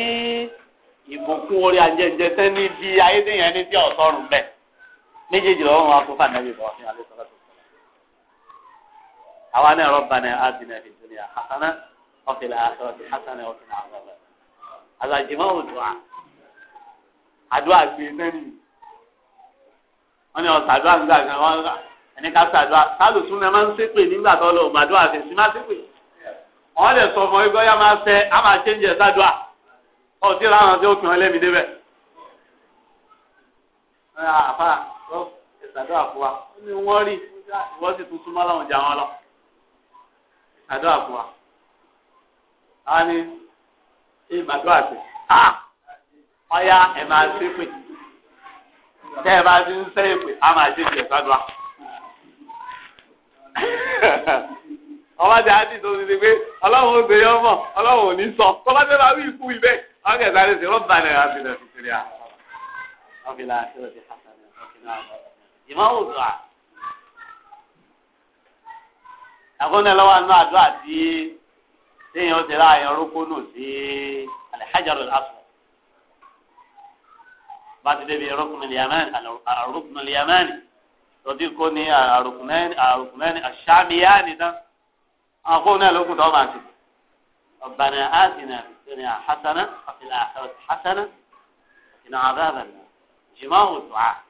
ìbùkún orí ajẹ́jẹ́ sẹ́ni bí ayédèyàn ní bí ọ̀sọ́run bẹ́ẹ̀ méjèèjì lọ́wọ́ wọn kó fà nàbí bọ̀ ọ̀sìn alẹ́ sọ́lá àwa náà rọ́bànà àdìnà fi dùnìyà hasana ọ̀fìlà àtọ̀ ti hasana ọ̀fìlà àtọ̀ àdúrà gbé e sẹ́ni wọ́n ní ọ̀sà àdúrà nígbà kan wọ́n ẹni ká sàdúrà sáàlù tún lẹ́ máa ń ṣépè nígbà tó lọ ògbà àdúrà fèsì má ṣépè wọ́n lè sọ fún ẹgbẹ́ yá máa ṣe á máa ṣe ń jẹ sàdúrà ọtí làwọn tí ó fi hàn lẹ́mi débẹ̀. àfa lọ ìsàdúrà fún wa ó ní wọ́n a ìmàdúrà sí ọ̀ya ẹ̀ máa ṣe pé tẹ́ ẹ bá ti ń sẹ́ èpè á máa ṣe ìjẹ̀ sádùá. ọba ti àdì ti pé ọlọ́run ó gbé yọmọ ọlọ́run ò ní sọ tọ́ba tẹ́ bá wí ikú ibẹ̀ wọ́n kẹ̀ sáré sí rọ́bà náírà ti lọ. ìmọ̀ wò tó a. àkóńdé lọ́wọ́ àdúrà tí téèyàn ti ra àyàn rókónù sí alẹ́ hajj bá ti débi ruknul yamani ruknul yamani lọ́dí kó ní àrùkùnmẹ́ni àṣàmìyáni tán àwọn kóun náà ló kù tó máa ti ọ̀bàna àtìnà ìrìn àhásánà àfìlà àhásánà ìnà àbábànà jìmọ̀ òtò à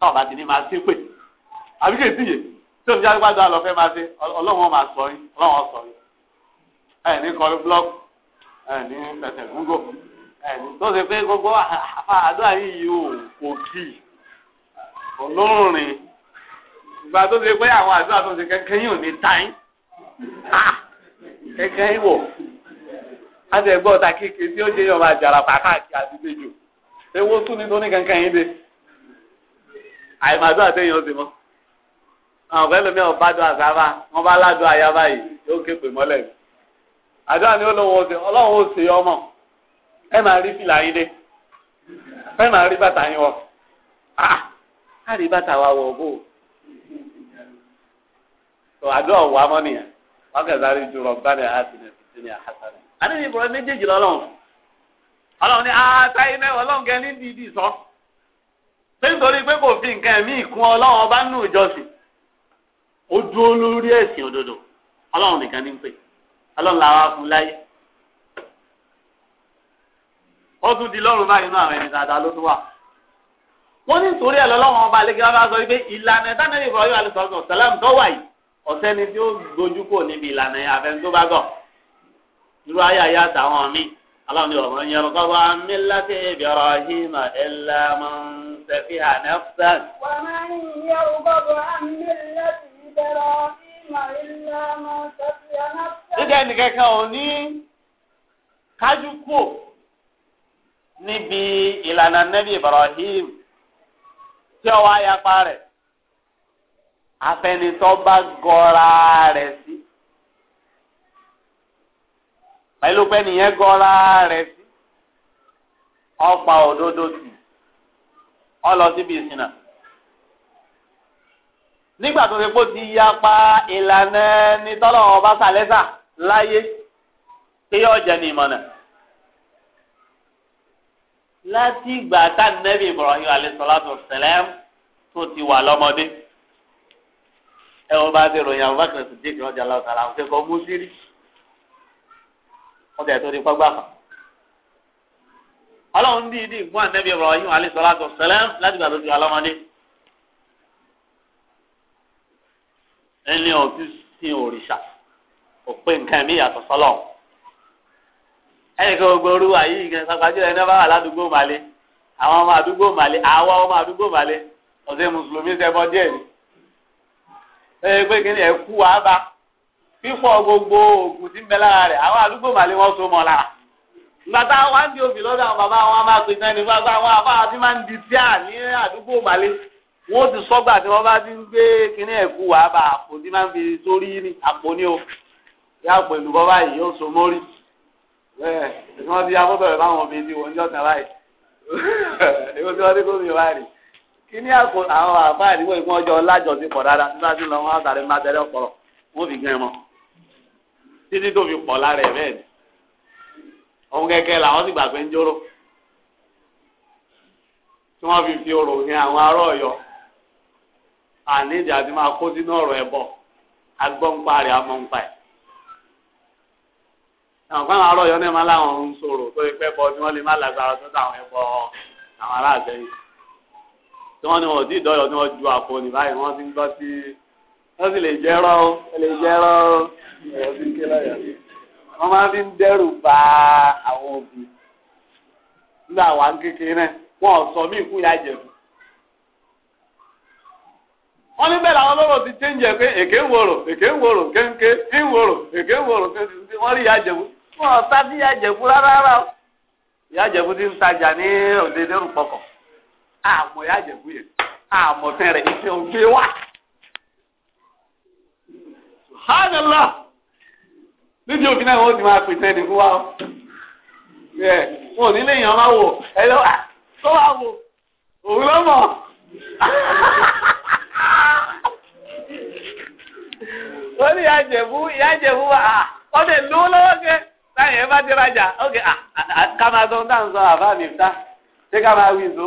tó bá ti ní máa ṣe pé àbíkè síye tí òun jáde gbàdúrà lọ fẹ́ máa ṣe ọlọ́run máa sọ yín ọlọ́run sọ yín ẹ̀ ní kọlu búlọ́ọ̀kù ẹ̀ ní pẹ̀tẹ̀ gúgò tó ṣe pé gbogbo àdúrà yìí ò kò kì í ọlọ́rin ìgbà tó ṣe pé àwọn àdúrà tó ṣe kẹ́kẹ́ yìí ò ní táyín kẹ́kẹ́ yìí wọ̀ láti ẹgbẹ́ ọ̀tá kéèké tí ó jẹ́ yọ̀ máa jàrà àti ìbejò ewu tún ní tó kankan yín dé àìmàdúrà téèyàn ti mọ́ àwọn ọ̀fẹ́ lómi ọba dùn àsáfà wọn bá ládùn àyà báyìí yóò képe mọ́lẹ̀ àdúrà ni ó lọ́wọ́ ọlọ́run ó ṣe ọmọ ẹ máa rí fìlà yín dé ẹ máa rí bàtà yín wọ á ah, rí bàtà wa wọ bó tó àdúrà wà mọ́ nìyẹn wọ́n kẹ́ sáré ju rọ̀bá ni a ti fi ní àhásá rẹ̀. àdéhùn ìbúra méjèèjì lọ́lọ́run ọlọ́run ní ah, àtàyè náà ọlọ́run kẹ́ ní dídì sọ pé nítorí pé kò fi nǹkan ẹ̀mí ìkún ọlọ́run ọba nù ìjọsìn ó dúró ẹ̀sìn òdodo ọlọ́run nìkan ní pé ọlọ́run làwọn afun ó tún di lọ́rùn báyìí inú àwọn ẹni dáadáa ló tún wà. wọ́n ní nítorí ẹ̀ lọ́lọ́wọ́n ọba àlejò ọba sọ wípé ìlànà ìdánilẹ̀ ìfọwọ́ yóò alẹ́ sọ̀rọ̀ sọ̀lẹ́m tó wà yìí ọ̀sẹ́ ni tí ó gbójú kò níbi ìlànà àfẹn tó bá gọ̀. irú ayé ayé àtàwọn míì aláwọn ni ọ̀rọ̀ yẹn lọ́kọ́ bá mílátì Ibrahim illa man safiha nafsan. níbi ìlànà nẹ́bí Ibrahim tí ọwọ́ ayapa rẹ̀ afẹnitọ́ bá gọ́ra rẹ̀ sí pẹ̀lú pé nìyẹn gọ́ra rẹ̀ sí ọgbà òdodo tì ọlọ síbi ìsìnà nígbà tó ṣe pé ó ti yapa ìlànà nítọ́lọ́wọ́ bá sàlẹ́sà láyé kí yóò jẹ́ ní ìmọ̀nà. láti ìgbà tá nẹ́bí Ibrahim alayhisalatu wassalam tó ti wà lọ́mọdé ẹ wọ́n bá ti ròyìn àwọn bákan sì déèkì ọjà lọ́wọ́ sára àwọn kẹ́kọ̀ọ́ mú sírí wọ́n tẹ̀ tó di pọ́gbà kan. ọlọ́run dídì fún ànẹ́bí Ibrahim alayhisalatu wassalam láti ìgbà tó ti wà lọ́mọdé. ẹni ọ̀tún sin òrìṣà òpin nǹkan mi yàtọ̀ sọ́lọ́run. ẹnìkan gbogbo orúwà yìí kẹ sàgbàjúlẹ̀ ẹni bá wà ládùúgbò màlẹ́ àwọn ọmọ àdúgbò màlẹ́ àwọn ọmọ àdúgbò màlẹ́ ọ̀sẹ̀ mùsùlùmí sẹ́bọ díẹ̀ ni. ẹ gbogbo òògùn tí ń bẹ lára àwọn àdúgbò wọn so lára. ìgbà wá ń di òbí lọ́dọ̀ àwọn bàbá wọn máa àwọn máa ń di ní àdúgbò wọn ti sọgbà tí wọn bá ti ń gbé bá àpò bẹ́ẹ̀ ìsọ́n ti abọ́tọ̀ rẹ̀ fáwọn obìnrin tí wọ́n ń jọ́sìn láì èwo tí wọ́n ti kó mi wá rí kí ní àpò àwọn àbá ìdíwọ̀ ìpín ọjọ́ ọlájọ́sí pọ̀ dáadáa nígbà tí lọ́wọ́ àtàrí máa fi gan ẹ mọ́ títí tó fi pọ̀ lára ẹ̀ bẹ́ẹ̀ ni òun kẹ̀kẹ́ làwọn sì ń jóró tí wọ́n fi àwọn kan àárọ̀ yọ náà máa láwọn ń sọ̀rọ̀ tó ẹgbẹ́ bọ ni wọ́n lè má lágbára tó táwọn ẹbọ àwọn aláàtẹ̀yìn tí wọ́n ní wọn ò dọ́yọ̀ tí wọ́n ju àpò báyìí wọ́n ti ń gbọ́ sí wọ́n sì lè jẹ́rọ́ ó lè jẹ́rọ́ ó wọ́n máa fi ń dẹ́rù ba àwọn òbí nígbà wà ń kékeré wọn ò sọ mí ìkú ya jẹ̀dù wọ́n ní làwọn lọ́rọ̀ ti ṣe ń jẹ pé èké ń wòrò èké ń wòrò kéńké ń wòrò èké ń wòrò kéńké wọ́n rí ìyá jẹ̀wò wọn ọ̀sá bí àjẹ̀kú rárá o ti ń tajà ní òdedérù pọkàn àmọ̀ ìyá yẹn àmọ̀ tẹ̀rẹ̀ ìfẹ́ òkè òfin náà ti máa fún wa o wọn ò ní lè yàn máa wò ẹ lọ́wọ́ tó wà wò òun ló mọ̀ wọ́n ní ìyá àjẹ̀kú lówó lọ́wọ́ táyà ẹ bá ti rajà ok ká máa sọ dáhùn sọ àbá mi ta ṣé ká máa wí nzó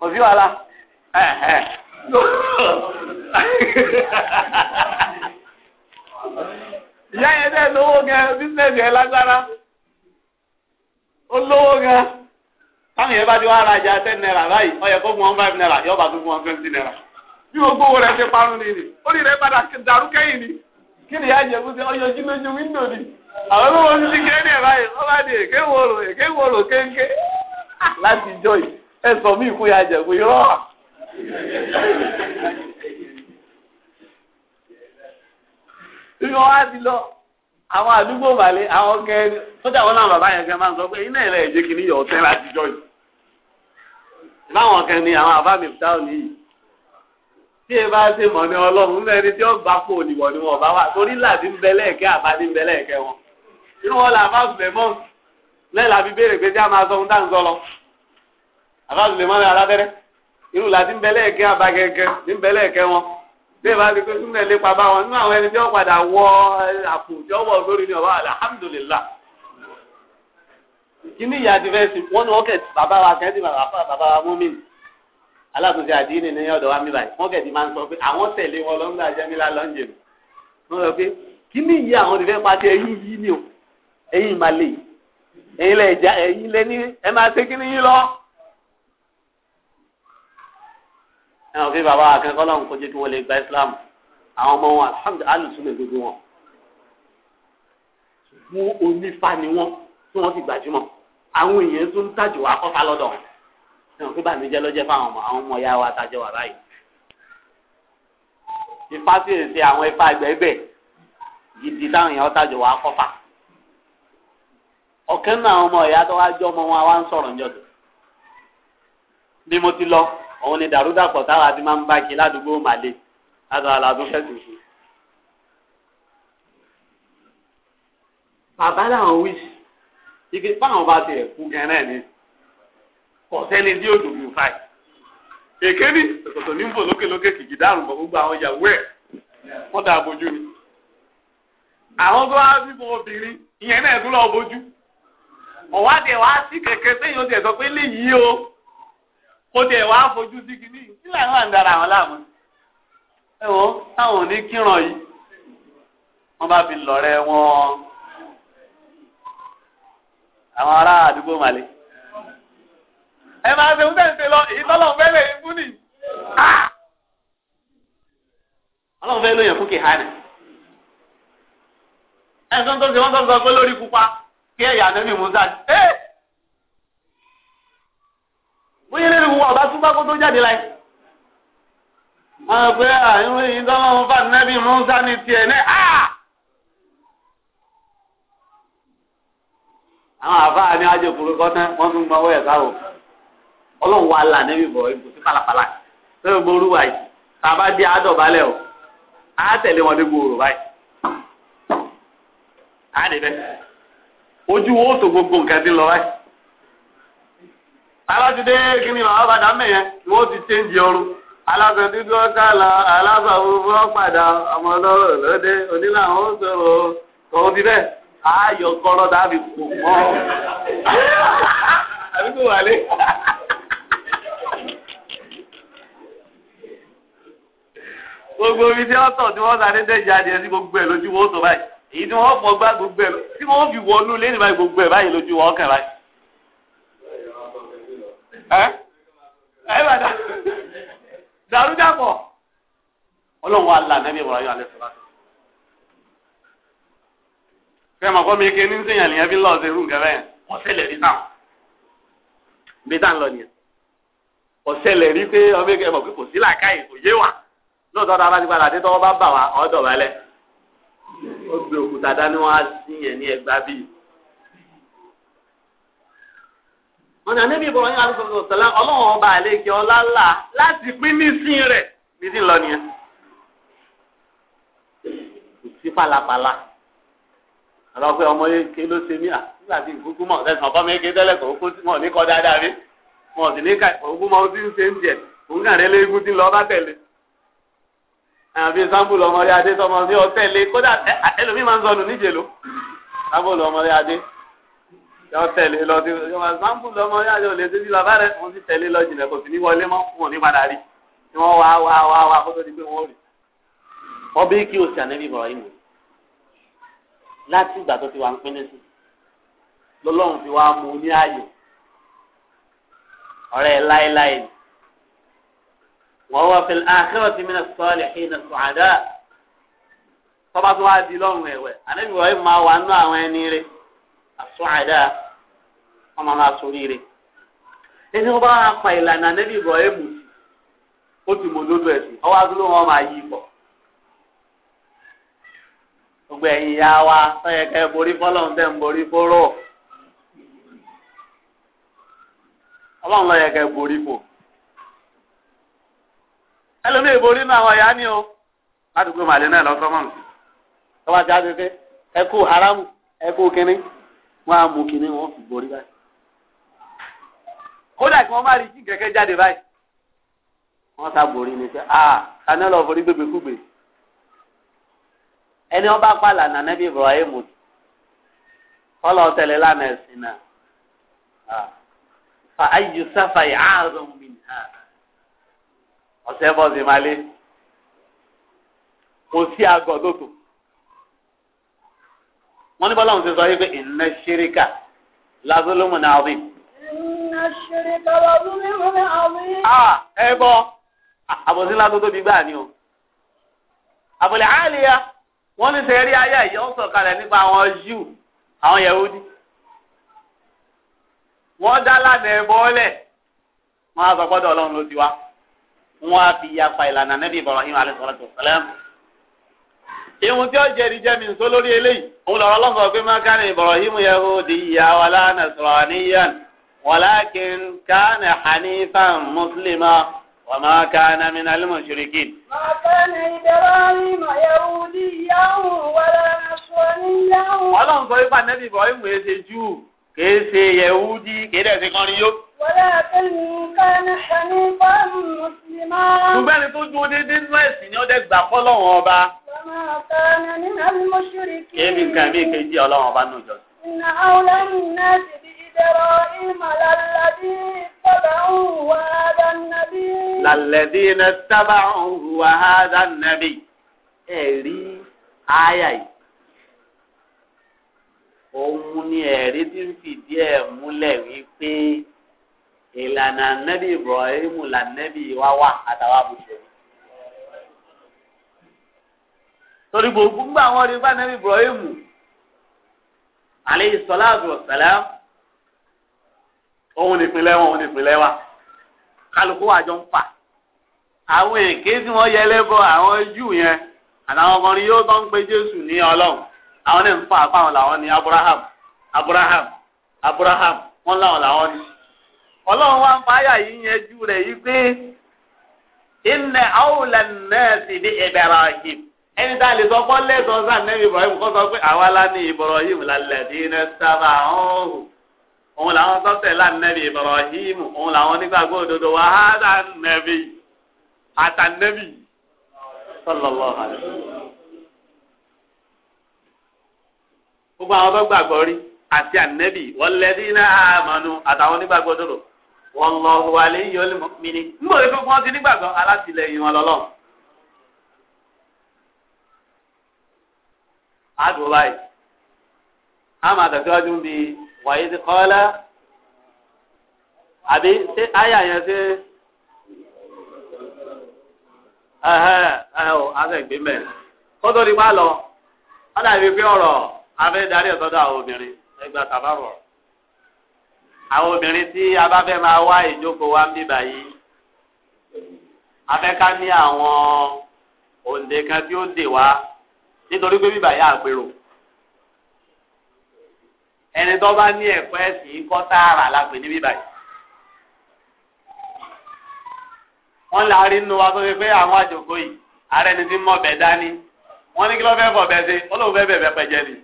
kò sí wàhálà ìyá yẹn dẹ́ lówó gan bísíǹnẹ̀sì ẹ̀ lágbára ó lówó gan táwọn yẹn bá ti wá ten naira báyìí ọyẹ kó fún five naira yóò bá fún twenty naira bí gbogbo owó rẹ̀ ṣe parun ni ó lè rẹ padà dàrú ni kí ni ìyá fún ṣe ọyọ jí àwọn tó wọ́n ti kéré ẹ̀ báyìí ọba di èké wòrò èké wòrò kéńké láti jọ yìí ẹ sọ mí ìkú ya jẹ̀kú irọ́. Ibi wọn á ti lọ àwọn àdúgbò balẹ̀ àwọn kẹrin tó jà wọn náà bàbá yẹn kẹ máa ń sọ pé iná ìlẹ̀ èjì kìíní yọ̀ ọ̀tẹ́ láti jọ yìí. Báwọn kan ni àwọn àbá mi fìtá òní yìí. Tí ẹ bá ṣe mọ̀ ní ọlọ́run ní ẹni tí ó gbà kó òdìwọ̀ ni bá wà torí làdí ń bẹ lẹ́ẹ̀kẹ́ àbá ní ń bẹ lẹ́ẹ̀kẹ́ wọn irú wọn là àfáàsù lè mọ́ lẹ́la fi béèrè pé tí a máa sọ ohun dáhùn sọ lọ àfáàsù lè mọ́ lẹ́la lábẹ́rẹ́ irú làtí ń bẹ́lẹ̀ ẹ̀kẹ́ abagẹ́gẹ́ ń bẹ́lẹ̀ ẹ̀kẹ́ wọn bí ẹ bá ti pé nínú ẹ̀ lépa bá wọn nínú àwọn ẹni tí wọ́n padà wọ àpò tí wọ́n wọ̀ sórí ni ọ̀bá alhamdulillah kíní ìyá ti fẹ́ sí wọ́n ní wọ́n bàbá wa kẹ́ ti bàbá bàbá wa mú mi alátúnṣe àdínì ní ọ̀dọ̀ wa mi báyìí wọ́n kẹ̀ ti máa ń sọ pé àwọn tẹ̀lé wọn lọ́ńdà jẹ́mi lálọ́ńjẹ̀ mi wọ́n sọ pé kíní ìyá àwọn ti pàṣẹ ẹyún yìí ni o ẹ̀yin máa lè ẹ̀yin lè já ẹ̀yin lè ní ẹ máa ṣe kí ni yín lọ. ẹ ò fi bàbá akẹ́kọ̀ọ́ lọ́hùn kó kí wọ́n lè gba Islam àwọn ọmọ wọn alhamdulilayi alùsùn lè gbogbo wọn. wọ́n onífà ni wọ́n tí wọ́n ti gbajúmọ̀ àwọn èèyàn tó ń tàjò wá kọ́ta lọ́dọ̀ ẹ ò fi bàmíjẹ́ lọ́jẹ́ fáwọn ọmọ àwọn ọmọ ya wa tàjọ wà báyìí. ifá sì ń ṣe àwọn ifá gbẹ́gbẹ́ gidi táwọn èèyàn tàjò wá kọ́fà ọ̀kan náà àwọn ọmọ ìyá tó wá jọ ọmọ wọn wá ń sọ̀rọ̀ ń jọ̀dọ̀ bí mo ti lọ òun ni dàrúdàpọ̀ táwa ti máa ń bá kí ládùúgbò màlẹ́ látara làdún fẹ̀sùn sí. bàbá làwọn wíṣì ike báwọn bá ti ẹ̀kú gẹ́rẹ́ ni kọ̀sẹ́ni tí yóò dùn bí fáì èké ní ìsọ̀tọ̀ ní ń bò lókèlókè kìkì dárùn bọ̀ gbogbo àwọn ìyàwó ẹ̀ wọ́n dà bójú ni àwọn tó wá bíbọ obìnrin ìyẹn náà tún lọ bójú ọ̀wádìí wá sí kẹ̀kẹ́ sẹ́yìn ó ti ẹ̀sọ́ pé lè yí o kó dẹ̀ wá fojú sí kìíní nílẹ̀ náà ń dara láàmú. ẹ wo táwọn ò ní kíràn yìí wọ́n bá fi lọ̀rẹ́ wọn àwọn ará àdúgbò màlẹ. ẹ máa ṣe wúdẹ̀ ṣe lọ èyí tọ́lọ̀ fẹ́lẹ̀ ikú nì. ọlọ́run fẹ́ lóyún fún kìhánì. ẹ̀sán tó ṣe wọ́n tó sọ pé lórí pupa kí ẹ̀yà nẹ́bí musa ẹ́ bóyá lẹ́nu wọn ọba tún bá kó tó jáde láì. wọ́n rẹ̀ pé àìrú yìí tọ́lọ́run fà nẹ́bí musa ní tiẹ̀ ní à. àwọn àfáà ní ajẹkùrú kọ́tán wọ́n tún gbọ́ wẹ́ẹ̀ sáwò ọlọ́run wa là nẹ́bí bọ̀ ibùsùn pàlàpàlà lórí gbórúwà yìí tàbá di àádọ́balẹ̀ o á tẹ̀lé wọn dé gbòòrò báyìí. ojú wo tó gbogbo nǹkan ti lọ báyìí alátidé kíni padà ti ọrùn ọkà lọ aláṣọ òfurufú ọpàdà ọmọ ọlọrọ lóde onílànà ó sọ̀rọ̀ tọhún ti bẹ́ẹ̀ kọrọ dàbí kò mọ àbí kò gbogbo omi tí wọn tọ tí gbogbo èyí tí wọ́n fọ gbá gbogbo ẹ̀ tí wọ́n fi wọnú lẹ́yìn báyìí gbogbo ẹ̀ báyìí lójú wọn kàn báyìí. ẹ ẹ bá dà dàrúdàpọ̀ ọlọ́run wa là nẹ́bí ìwọ̀n alẹ́ sọ́lá. fẹ́ẹ́ mọ̀ fọ́ mi ní sèyàn lèyàn fi lọ́ọ̀ ṣerú nǹkan bẹ́ẹ̀ wọ́n rí náà bí tá ń lọ nìyẹn wọ́n rí pé ọmọ ẹgbẹ́ mọ̀ pé kò sí làákàyè kò yé wa lóòótọ́ ó gbé òkúta dání wọn á sí yẹn ní ẹgbàá bíi. wọn náà níbi ìbọn yín alùpùpù sọlá ọlọ́run ọba àlejò ọlá ńlá láti pín nísìn rẹ̀ nídìí lọ nìyẹn. kò sí pàlàpàlà ọlọ́pẹ́ ọmọ yẹn ké ló ṣe mí à nígbà tí ìkúkú mọ̀ ẹ̀sán ọ̀bá mi ké kò kó mọ̀ ní kọ́ dáadáa rí mọ̀ sí ní ká ìkúkú mọ̀ ó ṣe ń jẹ òun náà rẹ̀ lé egun lọ bá tẹ̀lé àbí sample ọmọdé adé tọmọ ní ọtẹ lé kódà ẹlòmíì máa ń sọnù níjèló sample ọmọdé adé yọ tẹ̀lé lọ sí yọmọ sample ọmọdé adé ò lè ṣe bí bàbá rẹ wọn sì tẹ̀lé lọ jìnà kò sí ní wọlé mọ wọn ní padà rí ni wọn wá wá wá wá kó tó di pé wọn ò rí. wọn kí o sì ànẹ́bí bọ̀rọ̀ yìí wò láti ìgbà tó ti wà ń pín nísì lọ́lọ́run fi wá mú ní ààyè ọ̀rẹ́ láéláé ni. وهو في الآخرة من الصالحين السعداء tọ́ba tó wá di lọ́rùn ẹ̀wẹ̀ ànábì wọ̀nyí máa wà nínú àwọn ẹni rẹ̀ àsọ̀àdá wọn máa máa sórí rẹ̀ ẹni wọn bá wà pa ìlànà ànábì wọ̀nyí mú sí ó ti mọ lódò ẹ̀sìn ọwọ́ adúlọ́ wọn máa yí pọ̀ gbogbo ẹ̀yin ya wa sọ́yẹ kẹ́ borí fọ́lọ́run tẹ́ ń borí fọ́rọ̀ ọlọ́run lọ́yẹ ẹlòmí èbó nínú àwọn ìyá ni o ládùúgbò màlẹ náà lọsọ mọ nùsí tọba ti àtẹtẹ ẹ kó haramu ẹ kó kínní wọn á mú kínní wọn fi borí báyìí kódà kí wọn má rí jí jáde báyìí wọn sá borí ni sẹ a kaná lọ forí gbégbé kúgbé ẹni wọn bá pààlà nànẹ bí Ibrahim kọlọ tẹlẹ lánàá ẹsìn náà fa ayu sáfà yà mi nìyà. ọ̀sẹ̀ bọ́ sí máa lé kò sí àgọ́ lóto wọ́n ní bọ́lá òun ti sọ yìí pé ìnà ṣeríkà lázólómù náà rí. ìnà ṣeríkà lázólómù náà rí. ẹ bọ àbòsí lásán tóbi gbáà ni o àbòlẹ̀ àlìyá wọ́n ní sẹ́rí ayé yìí ó sọ̀kalẹ̀ nípa àwọn jù àwọn yahudi wọ́n dá lánàá ẹ̀ bọ́ọ̀lẹ̀ wọ́n á sọ gbọ́dọ̀ ọlọ́run ló ti wá wọn á fi yapa ìlànà nẹ́bí Ibrahim alayhi salatu wassalam. ìhun tí ó jẹ́rìí jẹ́ mi nsọ lórí eléyìí òun lọ́rọ́ lọ́sọ̀ pé má kánà Ibrahim yahudiyyan wala nasraniyyan walakin kana hanifan muslima wa ma kana minal mushrikin. ma kánà Ibrahim yahudiyyan wala nasraniyyan. ọlọ́run sọ wípé nẹ́bí Ibrahim kìí ṣe Júù kìí ṣe yahudi kìí dẹ̀ ṣe kọrin yó. Ṣùgbọ́n ẹni tó dúró déédéé nínú ẹ̀sìn ni ó dẹ̀ gbà kọ́ lọ́wọ́n ọba. Kéèmí nǹkan bí kejì ọlọ́wọ́n ọba nù jọ. Ìnà àwòlá mi náà ti di ìdẹ̀rọ̀ ìmọ̀lá lábí tábàáhùn wà hádà nàbí. Ẹ̀rí ááyà yìí. Òun ni ẹ̀rí tí ń fìdí ẹ̀ múlẹ̀ wípé. ìlànà nẹ́bí ibrahim lànẹ́bí wa wà àtàwọn àbùsùn. torí gbogbo ń gbà wọn rí bá nẹ́bí ibrahim aleyhi salatu wa salam òun nìpínlẹ̀ wọn òun wa kálukú àjọ ń fà àwọn èké tí wọ́n yẹ lẹ́bọ̀ àwọn jù yẹn àtàwọn ọkùnrin yóò tán pé jésù ní ọlọ́run àwọn abraham abraham abraham wọn làwọn làwọn ní. ọlọ́run wá ń fàáyà yìí yẹjú rẹ̀ yìí pé inna awla nnasi bi Ibrahim ẹni tá a lè sọ pọ́ lẹ́sọ̀ọ́ sàn nẹ́bí Ibrahim kọ́ sọ pé àwa la ní Ibrahim lalladhina ittaba'uhu òun làwọn sọ́tẹ̀ lánàbí Ibrahim òun làwọn nígbàgbọ́ òdodo wa hádà nẹ́bí àtànẹ́bí sallallahu alaihi wasallam. gbogbo àwọn tó gbàgbọ́ rí àti ànẹ́bí walladhina amanu àtàwọn nígbàgbọ́ òdodo. wọn lọ wàlẹ mi ni nígbà wípé wọn ti nígbàgbọ́ alátìlẹ́yìn wọn lọ́lọ́run. a tẹ̀síwájú ń bi wàyí ti kọ́lá àbí ṣé àyà yẹn ṣe ẹhẹ ẹ kótó ni lọ pé darí àwọn obìnrin àwọn obìnrin tí a bá fẹ́ máa wá ìjókòó wa ń bí báyìí a fẹ́ ká ní àwọn òǹdè kan tí ó dè wá nítorí pé bíbà yà àpérò ẹni tó bá ní ẹ̀kọ́ ẹ̀sìn kọ́ tààrà la ní bíbà yìí wọ́n là rí nínú wa tó ṣe pé àwọn àjòkó yìí ààrẹ ni ti mọ̀ bẹ́ẹ̀ dání wọ́n ní kí ló fẹ́ fọ̀ bẹ́ẹ̀ ṣe ó lóun fẹ́ bẹ̀ẹ̀ bẹ́ẹ̀ pẹ́jẹ́ nìyí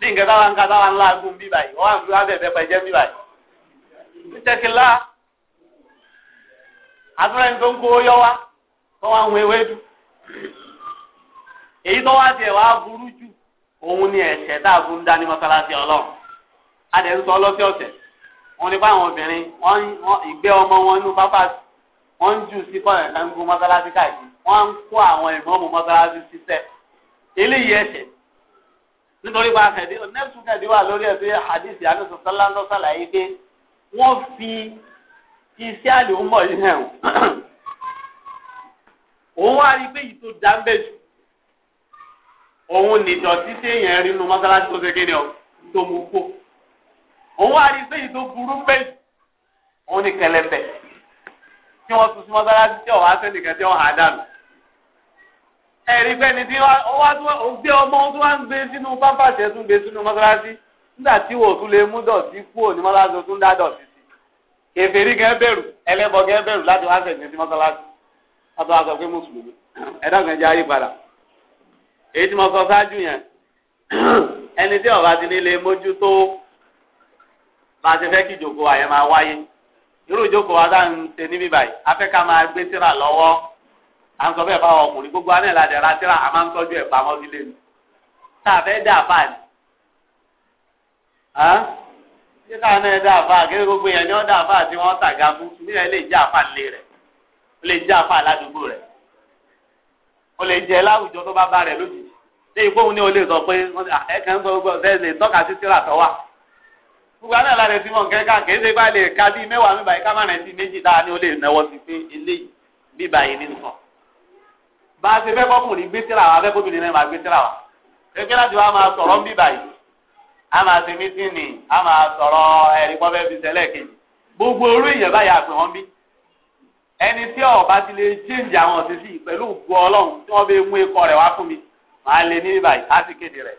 ní nǹkan táwọn nǹkan táwọn ńlá agún bí báyìí wọ́n á fi wá bẹ̀ẹ̀ pẹ̀jẹ́ jẹ́ bí báyìí. nítẹ̀kìlá àtúrẹ́ni tó ń kó yọ wá tó wá ń wọ ewédú. èyí tó wá tiẹ̀ wá burú jù òun ni ẹ̀ṣẹ̀ tá a fún dání mọ́sálásí ọlọ́run. a dẹ̀ ń sọ ọlọ́sẹ̀ ọ̀sẹ̀ wọn ni báwọn obìnrin ìgbẹ́ ọmọ wọn inú pápá wọn ń jù sí kọ́ọ̀rẹ̀ kan gún mọ́sálásí káàkiri wọ́n ń kó àwọn ìmọ̀ọ́mù mọ́sálásí síṣẹ́ eléyìí ẹ̀ṣẹ̀ nítorí pa àkàdé nẹ́ẹ̀sùn kàdé wà lórí ẹ̀ pé hadith anusu sallando sàlàyé pé wọ́n fi iṣẹ́ àlè ń bọ̀ yìí hàn òun wá rí pé ìtò dáńbẹ̀ jù òun nìdọ̀tí téèyàn rí nu mọ́sálásí tó ṣe kéde ọ tó mú kó òun wá rí pé ìtò burú bẹ̀ òun ní kẹlẹ́bẹ̀ tí wọ́n tún sí mọ́sálásí tí ọ̀hún á sẹ́nìkan tí ọ̀hún á dànù. ẹ̀rí fẹ́ni tí ó gbé ọmọ tó wá ń gbé sínú pápáṣẹ tún gbé sínú mọ́sálásí nígbà tí wò tún lè mú dọ̀tí kúrò ní mọ́sálásí tó tún dá dọ̀tí sí. kèfèrí gẹ́ bẹ̀rù ẹlẹ́bọ gẹ́ bẹ̀rù láti wá sẹ̀yìn sí mọ́sálásí látọ̀ wá sọ pé mùsùlùmí ẹ̀dá kan jẹ́ ayé padà. èyí tí mo sọ ṣáájú yẹn ẹni tí ọ̀gá ti ní lè mójútó máa fẹ́ kí à ń sọ bẹ́ẹ̀ fáwọn ọkùnrin gbogbo anẹ́ la dẹ̀ra tíra a máa ń tọ́jú ẹ̀ pamọ́ sílé ni tá a fẹ́ dá a fáàlì ṣé káwọn náà dá a fáà kí gbogbo yẹn ni wọ́n dá a fáà tí wọ́n tàga fún nílẹ̀ lè jẹ́ àfáà nílé rẹ̀ ó lè jẹ́ àfáà ládùúgbò rẹ̀ ó lè jẹ́ láwùjọ tó bá bá rẹ̀ lójijì lẹ́yìn fóun ní o lè sọ pé ẹ̀kan ń sọ gbogbo ọ̀sẹ̀ lè tọ́ka sí tíra tọ́wà gbogbo àná lára ti mọ̀ nǹkan kì í ṣe báyìí ni ó lè náwó sí pé eléyìí bá a ṣe fẹ́ kọkùnrin gbé síra wa fẹ́ kóbìnrin náà máa gbé síra wa kékeré láti wá máa sọ̀rọ̀ ń bí báyìí a máa ṣe mítìnì a máa sọ̀rọ̀ ẹ̀rí pọ́fẹ́ fi ṣẹlẹ̀ kejì gbogbo orú èèyàn báyìí àpè wọn bí ẹni tí ọba ti lè jíǹdì àwọn òṣìṣì pẹ̀lú ògbó ọlọ́run tí wọ́n bẹ mú ikọ̀ rẹ̀ wá fún mi màá lè ní báyìí á sì kéde rẹ̀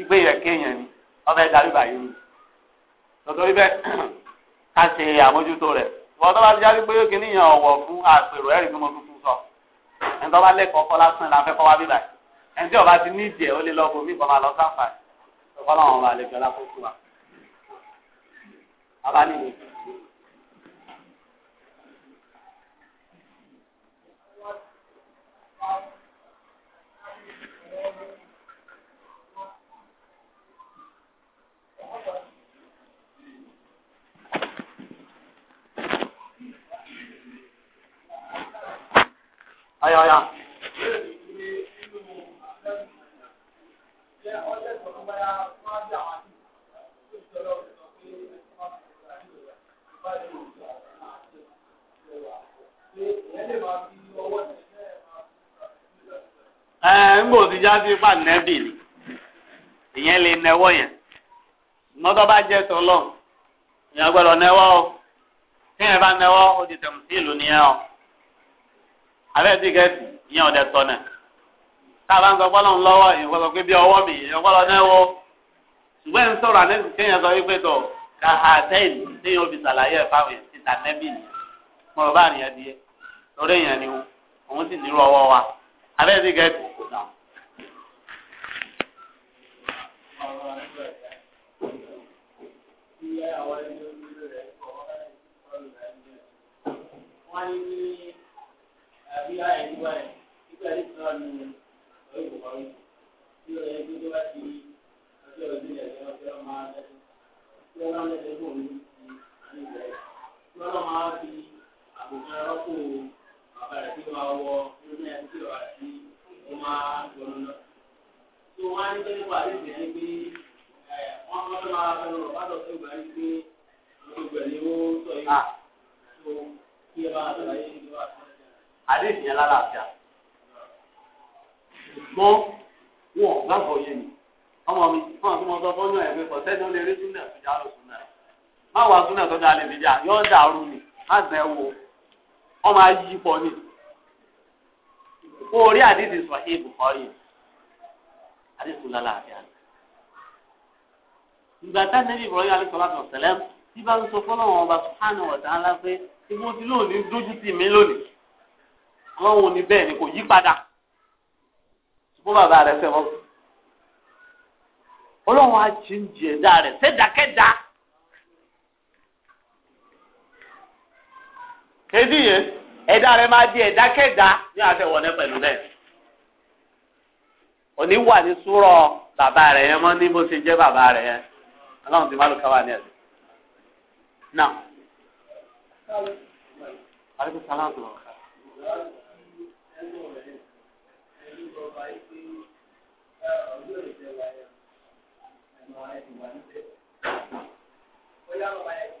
ìgbé yẹn kéèyàn ni ọbẹ̀ darí báyìí ni tọ́tọ́rí bẹ́ẹ̀ ká ṣe àmójútó rẹ̀ wọ́n tó bá ti jáde pé kí ọ̀wọ̀ fún àpèrò ẹ̀rí fún mọ́tò ẹni tó bá lẹ́kọ̀ọ́ kọ́ lásán la fẹ́ kọ́ wá bíbà ẹni tí ọba ti ní ìdí ẹ̀ ó lè lọ bo mí kọ́ máa lọ sáfà ọlọ́run ọba àlejò alákòókò wa bàbá nìyí. Thank you. ọyọ ọyọ. ẹ ń gbòòsì jáde pa nẹ́bì ni ìyẹn lè nẹwọ́ yẹn mọ́tò bá jẹ́ tọ́lọ́ ìyẹn gbọ́dọ̀ o tí yẹn bá nẹwọ́ o ti tẹ̀mùsí ìlú nìyẹn o abẹ́ kẹ́sì ìyẹn ọ̀dẹ sọnà táàbà ń sọ fọlọ́ lọ́wọ́ ìwọ́n pé bí ọwọ́ mi ìyẹn fọlọ́ náà wọ́ ṣùgbọ́n ń sọ̀rọ̀ àná kéèyàn sọ wípé tọ̀ ká àtẹ́yìn téèyàn fi ṣàlàyé ẹ̀ fáwọn èèyàn tànẹ́bì ni mo rọ̀ bá àníyàn di lórí èèyàn ni òun sì nírú ọwọ́ wa abẹ́ ti kẹ́sì náà. Wọ́n ní àbí àyè tí wà yẹn nígbà tí wọ́n nu ọ̀rọ̀ ìwọ̀n yìí tí ó yẹ kí ó bá ti ọjọ́ ìdí ẹ̀ lọ́wọ́ tí wọ́n máa lẹ́sẹ̀ tí wọ́n máa lẹ́sẹ̀ fún òun ti àní ìgbà yẹn tí wọ́n máa fi àbùkù ọkọ̀ bàbá rẹ̀ tí wọ́n wọ nínú ẹ̀ tí wọ́n àti wọ́n máa gbọ́n lọ. tó wọ́n á ní pé nípa àdéhùn yẹn pé wọ́n máa fẹ́ máa fẹ́ lọ́rọ̀ bá lọ sí ìgbà pé gbogbo ẹ̀ ni ó sọ yìí tó ah. kí ẹ bá a sọ àdéhùn yẹn lálàáfíà mọ wọn gbàgbọ́ yé mi ọmọ mi fún àti wọn fún ọyàn ẹgbẹ́ pọ̀ sẹ́ni ó lè rí súnà tó dá lọ súnà má wàá súnà tó dá yọ má wò kó orí sọ ìgbà tá alẹ́ sọ fọlọ́wọ́n ọba ńlá pé tí lónìí dójú mí lónìí. ọlọ́run bẹ́ẹ̀ ni kò yí padà ṣùgbọ́n bàbá rẹ̀ fẹ́ ọlọ́run á jí ń jì ẹ̀dá rẹ sẹ́dákẹ́dá. kéde yẹn ẹ̀dá rẹ̀ máa di ẹ̀dákẹ́dá ní àfẹ́wọ̀nẹ́ pẹ̀lú bẹ́ẹ̀. òní wà ní súrọ̀ bàbá rẹ yẹn mọ́ ní bó ṣe jẹ́ bàbá yẹn ọlọ́run ti má lù ní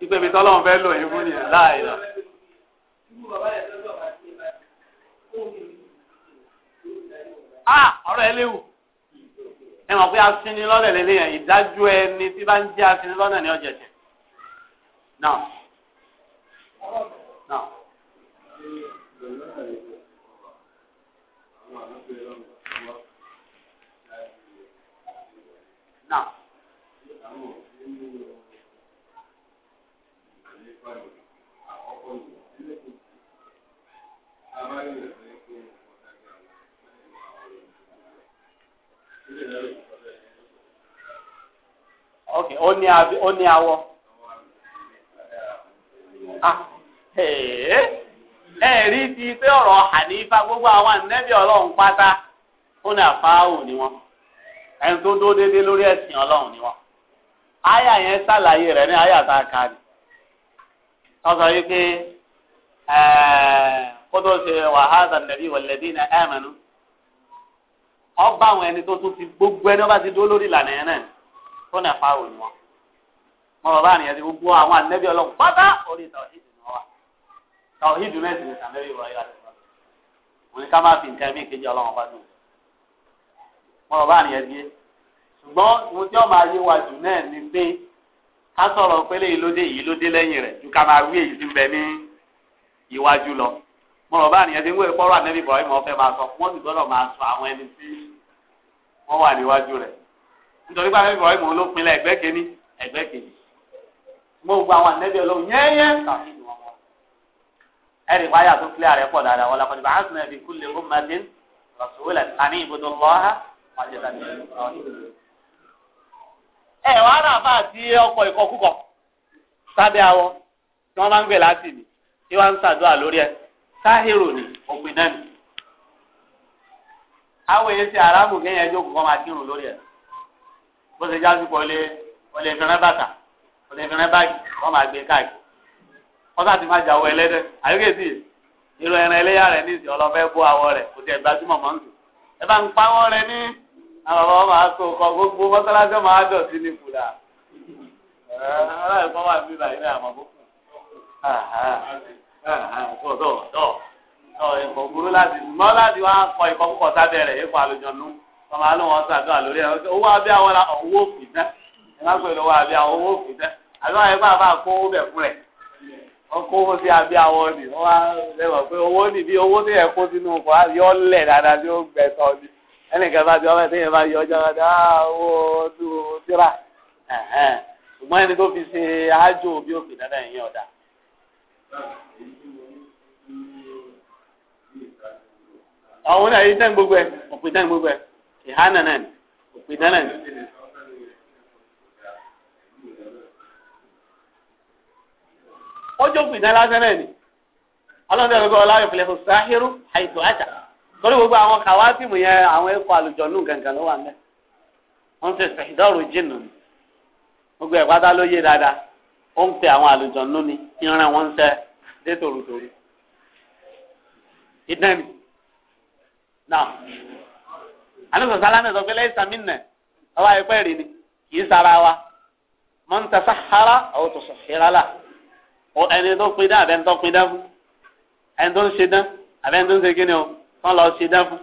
ìpèmí tọ́lọ́run fẹ́ lò yín fún nìyẹn láàyè náà. a ah, ọ̀rọ̀ ẹ léwu ẹ mọ̀ pé asinilọ́lẹ̀ lélẹ́yìn ìdájọ́ ẹni tí bá ń jẹ́ asinilọ́lẹ̀ ní ọjà jẹ. náà náà. ok ó ní abí ó ní ee, ẹ̀ẹ́rí ti pé Hanifa gbogbo àwọn ànẹ́bí ọlọ́run pátá ó ní àfáà ò ní ẹni tó dó déédéé lórí ẹ̀sìn ọlọ́run ni wọn. àyà yẹn ṣàlàyé rẹ̀ ní àyà tá a kà ní. wọ́n sọ yìí pé kótó ṣe wàhálà nàbí wàlẹ́dí na ẹ̀mẹ́nu. wọ́n bá àwọn ẹni tó tún ti gbogbo ẹni wọ́n bá ti dó lórí ìlànà yẹn náà tó nà fáwọn òní wọn. wọn bàbá àníyàn ti gbogbo àwọn ànẹ́bí ọlọ́run pátá orí ìtàwọ̀ tàwọn hídùn náà sì ní sàmẹ́rì ìwà ìyá rẹ̀ wọ́n ní ká má fi wọn bá rìn ẹdí ṣùgbọ́n ohun tí wọ́n máa yé wa jù náà ni pé ká sọ̀rọ̀ pé léyìí ló dé yìí ló dé lẹ́yìn rẹ̀ ju ká máa wí èyí tí ń bẹ ní iwájú lọ wọn bá rìn ẹdí wọ́n ìpọ́rọ̀ ànẹ́bí bọ̀ ìmọ̀ ọ̀fẹ́ máa sọ wọ́n sì gbọ́dọ̀ máa sọ àwọn ẹni tí wọ́n wà níwájú rẹ̀ nítorí pé ànẹ́bí bọ̀ ìmọ̀ ló pinlẹ̀ ẹgbẹ́ kẹ́ni ẹgbẹ́ mo gba àwọn ànẹ́bí ọlọ́run yẹ́yẹ́ tàbí wáyà tó kílẹ̀ rẹ̀ pọ̀ dáadáa wọlé àkọ́jú bàá kúlẹ̀ ọmọdé rọ̀ṣùwìlẹ̀ àní ibùdó lọ́ha ẹ wàá rà fà sí ọkọ̀ ìkọkúkọ sábẹ́ awọ tí wọ́n bá ń gbé láti ni tí wọ́n ń ṣàdúrà lórí ẹ̀ káhírò ni ọ̀gbìn náà ni àwọn èyí ṣe aráàmù kéèyàn ẹjọ́ kò máa kírun lórí ẹ̀ bó ṣe já sípò ole ọlẹ́ ìfẹ́rẹ́ bàtà ọlẹ́ ìfẹ́rẹ́ báàgì wọ́n máa gbé káàkiri ti máa jàwọ́ ẹlẹ́dẹ̀ àyókè sí irú ẹran ẹlẹ́yà rẹ̀ ní ìsìn bó awọ rẹ kò ẹ bá ń rẹ ní àwọn ọmọ máa kó kọ gbogbo mọ́sálásí máa dọ̀tí ní fúlà aláìsàn wà nílà ilé àmọ́ kó kó tó tó tó ìkọ̀ burú láti mọ́ láti wá kọ ìkọ̀ púpọ̀ sábẹ́rẹ̀ ìkọ̀ àlùjọ̀nù ọmọ alóhùn ọ̀sán àdúrà lórí ẹ̀ owó abẹ́ àwọn owó fìdá ẹ̀ má pè lọ́wọ́ abẹ́ àwọn owó fìdá àbí wọn bá bá kó owó bẹ̀ fún rẹ̀ wọn kó owó sí abẹ́ àwọn ni wọn wá lẹ́wọ̀n pé owó nìdí owó tó yẹ kó sínú ọkọ̀ yọ ọ́ lẹ̀ dáadáa tí ó gbẹ sọ ni. ẹnìkan bá bí ọmọ ẹ̀ tẹ́yìn bá yọ ọjọ́ ọ̀dà owó ojú síra ṣùgbọ́n ẹni tó fi ṣe ájò bí òfin dandan ìyẹn ọ̀dà. àwọn náà yìí tẹ́ ń gbogbo ẹ̀ òpin tẹ́ ń gbogbo ẹ̀ ìhánà náà òpin dáná ni. ọjọ́ òpin dáná náà ni ọlọ́dún ẹ̀rọ gbọ́ ọlá yóò sáhírù àìsàn àjà. torí gbogbo àwọn kàwáfíìmù yẹn àwọn ẹ̀kọ́ àlùjọ̀nù gàngàn ló wà ń bẹ̀ wọ́n ti sẹ̀ ìdọ́rù jìnnà ni gbogbo ẹ̀ pátá ló yé dáadáa ó ń pe àwọn àlùjọ̀nù ni ìran wọn ń sẹ́ dé tòrótòró ìdán mi náà alẹ́ sàlámẹ̀ sọ pé lẹ́yìn sàmínà ọba ẹ̀pẹ́ rè ni kì í sara wa mọ́ntàsá hara àwọn tó ẹni tó pin dán pin dán fún ẹni tó ń ṣe dán ń ṣe kíni o. wọn lọ ṣe dẹ́fu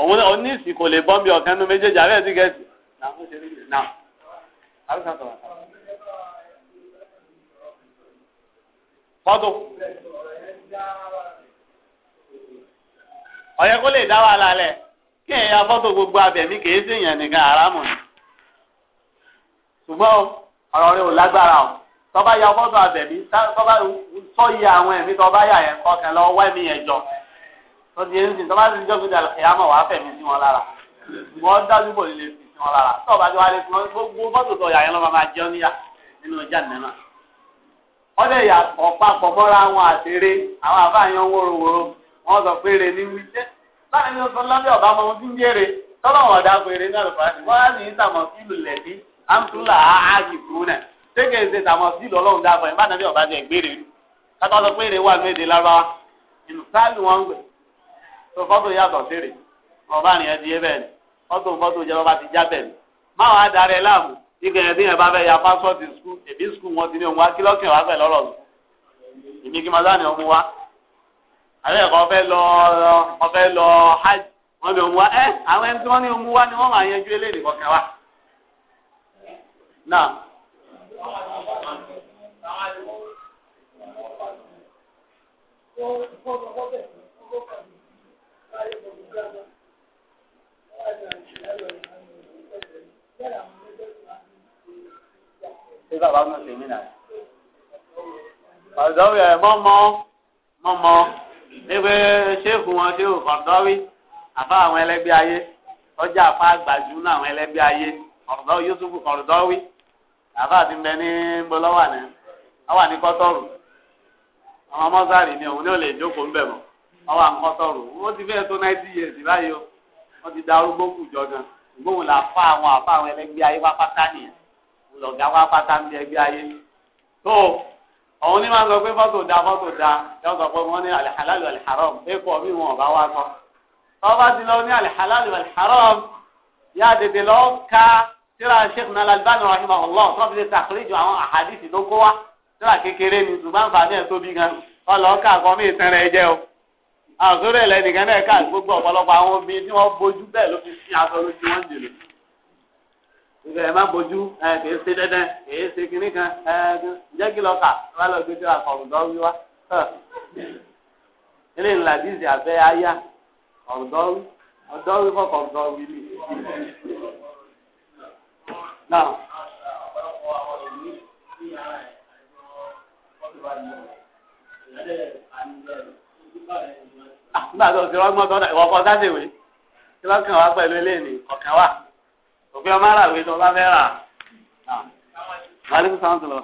òun ní kò lè bọ́ bí ọ̀kan nínú méjèèjì àbẹ́ ẹ̀dí gẹ̀ẹ́sì ọ̀yẹ́ kó lè dá wàhálà kí ẹ̀yà fọ́tò gbogbo abẹ̀mí kìí ṣèyàn nìkan àrámù ṣùgbọ́n ọ̀rọ̀ rẹ̀ ò lágbára ya fọ́tò abẹ̀mí lọ́dún yẹn ń sìn tọ́ba ti ń jọ́gbìn dàlẹ́ ìyámọ̀ wàá fẹ̀mí sí wọn lára wọ́n dájú bò lè fi sí wọn lára tọ́ba tí wàá lè fi wọn gbogbo fọ́tò yàrá máa jẹun níyà nínú ọjà nínú. wọ́n yà mọ́ra wọn àtẹ̀rẹ́ àwọn sọ pé rè ní ní ń tọ́lọ́wọ̀n ọ̀dà wọ́n á ní ìtàmọ̀ tó fọ́tò yàtọ̀ síre ọba rìn ẹ ti yé bẹ́ẹ̀ ni fọ́tò fọ́tò jẹ́ ọba ti já bẹ́ẹ̀ ni má wàá darẹ̀ láàmú ike yẹn tí yẹn bá fẹ́ ya pásọ̀tì skul èbí skul wọn ti ní òun wá kí lọ́kìn wá fẹ́ lọ́rọ̀ sùn èmi kí mazá ni òun wá àbẹ́ ẹ̀kọ́ ọ̀fẹ́ lọ ọ̀fẹ́ lọ hajj wọn ni òun wá ẹ àwọn ẹni tí wọ́n ní òun wá ni wọ́n máa yanjú eléyìí kọ̀ọ̀kan wá. náà Thank you ṣé bàbá náà ṣe mí náà. Fàdáwì ẹ̀ mọ́mọ́ mọ́mọ́ ní pé ṣéèkù wọn ṣé ò fàdáwì àfa àwọn ẹlẹ́gbẹ́ ayé ọjà àfa àgbàjú náà àwọn ẹlẹ́gbẹ́ ayé ọ̀rọ̀dọ́ Yusufu ọ̀rọ̀dọ́wì àfa àti mbẹ ní mbọlọ́wà ní wà ní kọ́tọ́rù ọmọ mọ́sárì ni òun ní ò lè jókòó ń bẹ̀ ọwọ́ àkọ́tọ̀rù ó ti fẹ́ tó náìtì yẹ̀sì báyìí o wọ́n ti da arúgbó kù jọ gan ìgbóhùn là fa àwọn àfa àwọn ẹlẹgbẹ́ ayé wá pátá nìyẹn lọ̀gá wá pátá ní ẹgbẹ́ ayé tó àwọn onímọ̀ sọ pé fọ́tò da fọ́tò da yọ sọ pé wọ́n ní alihalalu aliharam ẹ̀kọ́ mi wọn ọ̀bá wá kọ́ tọ́ba ti lọ ní alihalalu aliharam yá dèdè lọ ká tíra sheikh nalalbani rahimahullah tọ́bi ti sàkúrìjọ àwọn àhàdìsì ló wa tíra kékeré ni ṣùgbọ́n fàmí ẹ̀ tóbi gan ọlọ́ọ̀ká kọ́ ìtẹ́rẹ̀ ẹ o. àtúrò ah, ẹ̀ lẹ́nìkan náà ká gbogbo ọ̀pọ̀lọpọ̀ àwọn obìnrin tí wọ́n bójú bẹ́ẹ̀ ló fi sí aṣọ lójú wọn jùlọ. ìgbà ẹ̀ má bójú ẹ̀ kìí ṣe dandan kìí ṣe kinní kan ẹ̀ jẹ́ kí lọ́kà wá lọ gbé tí wà kọ̀ọ̀rùn dọ́ wí wá. ilé ńlá díìsì àfẹ́ aya kọ̀ọ̀rùn dọ́ wí ọ̀dọ́ wí kọ̀ kọ̀ọ̀rùn wí ni. Thank nígbà ti rọgbọ́n tọ́da ìwọ kọ sádèwé tí wọ́n wá pẹ̀lú eléyìí ọ̀kan wà òfin ọmọ aráàlú tó bá fẹ́ rà wàlúùkù sáwọn tó lọ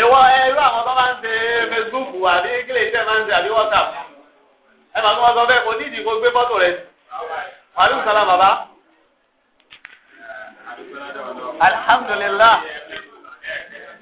ìwọ ẹrú àwọn tó máa ń ṣe Facebook àbí kílè iṣẹ́ máa ń ṣe àbí WhatsApp ẹ máa tó wọn sọ bẹ́ẹ̀ kò nídìí kó gbé fọ́tò rẹ wàlúùkù sálá bàbá. alhamdulillah.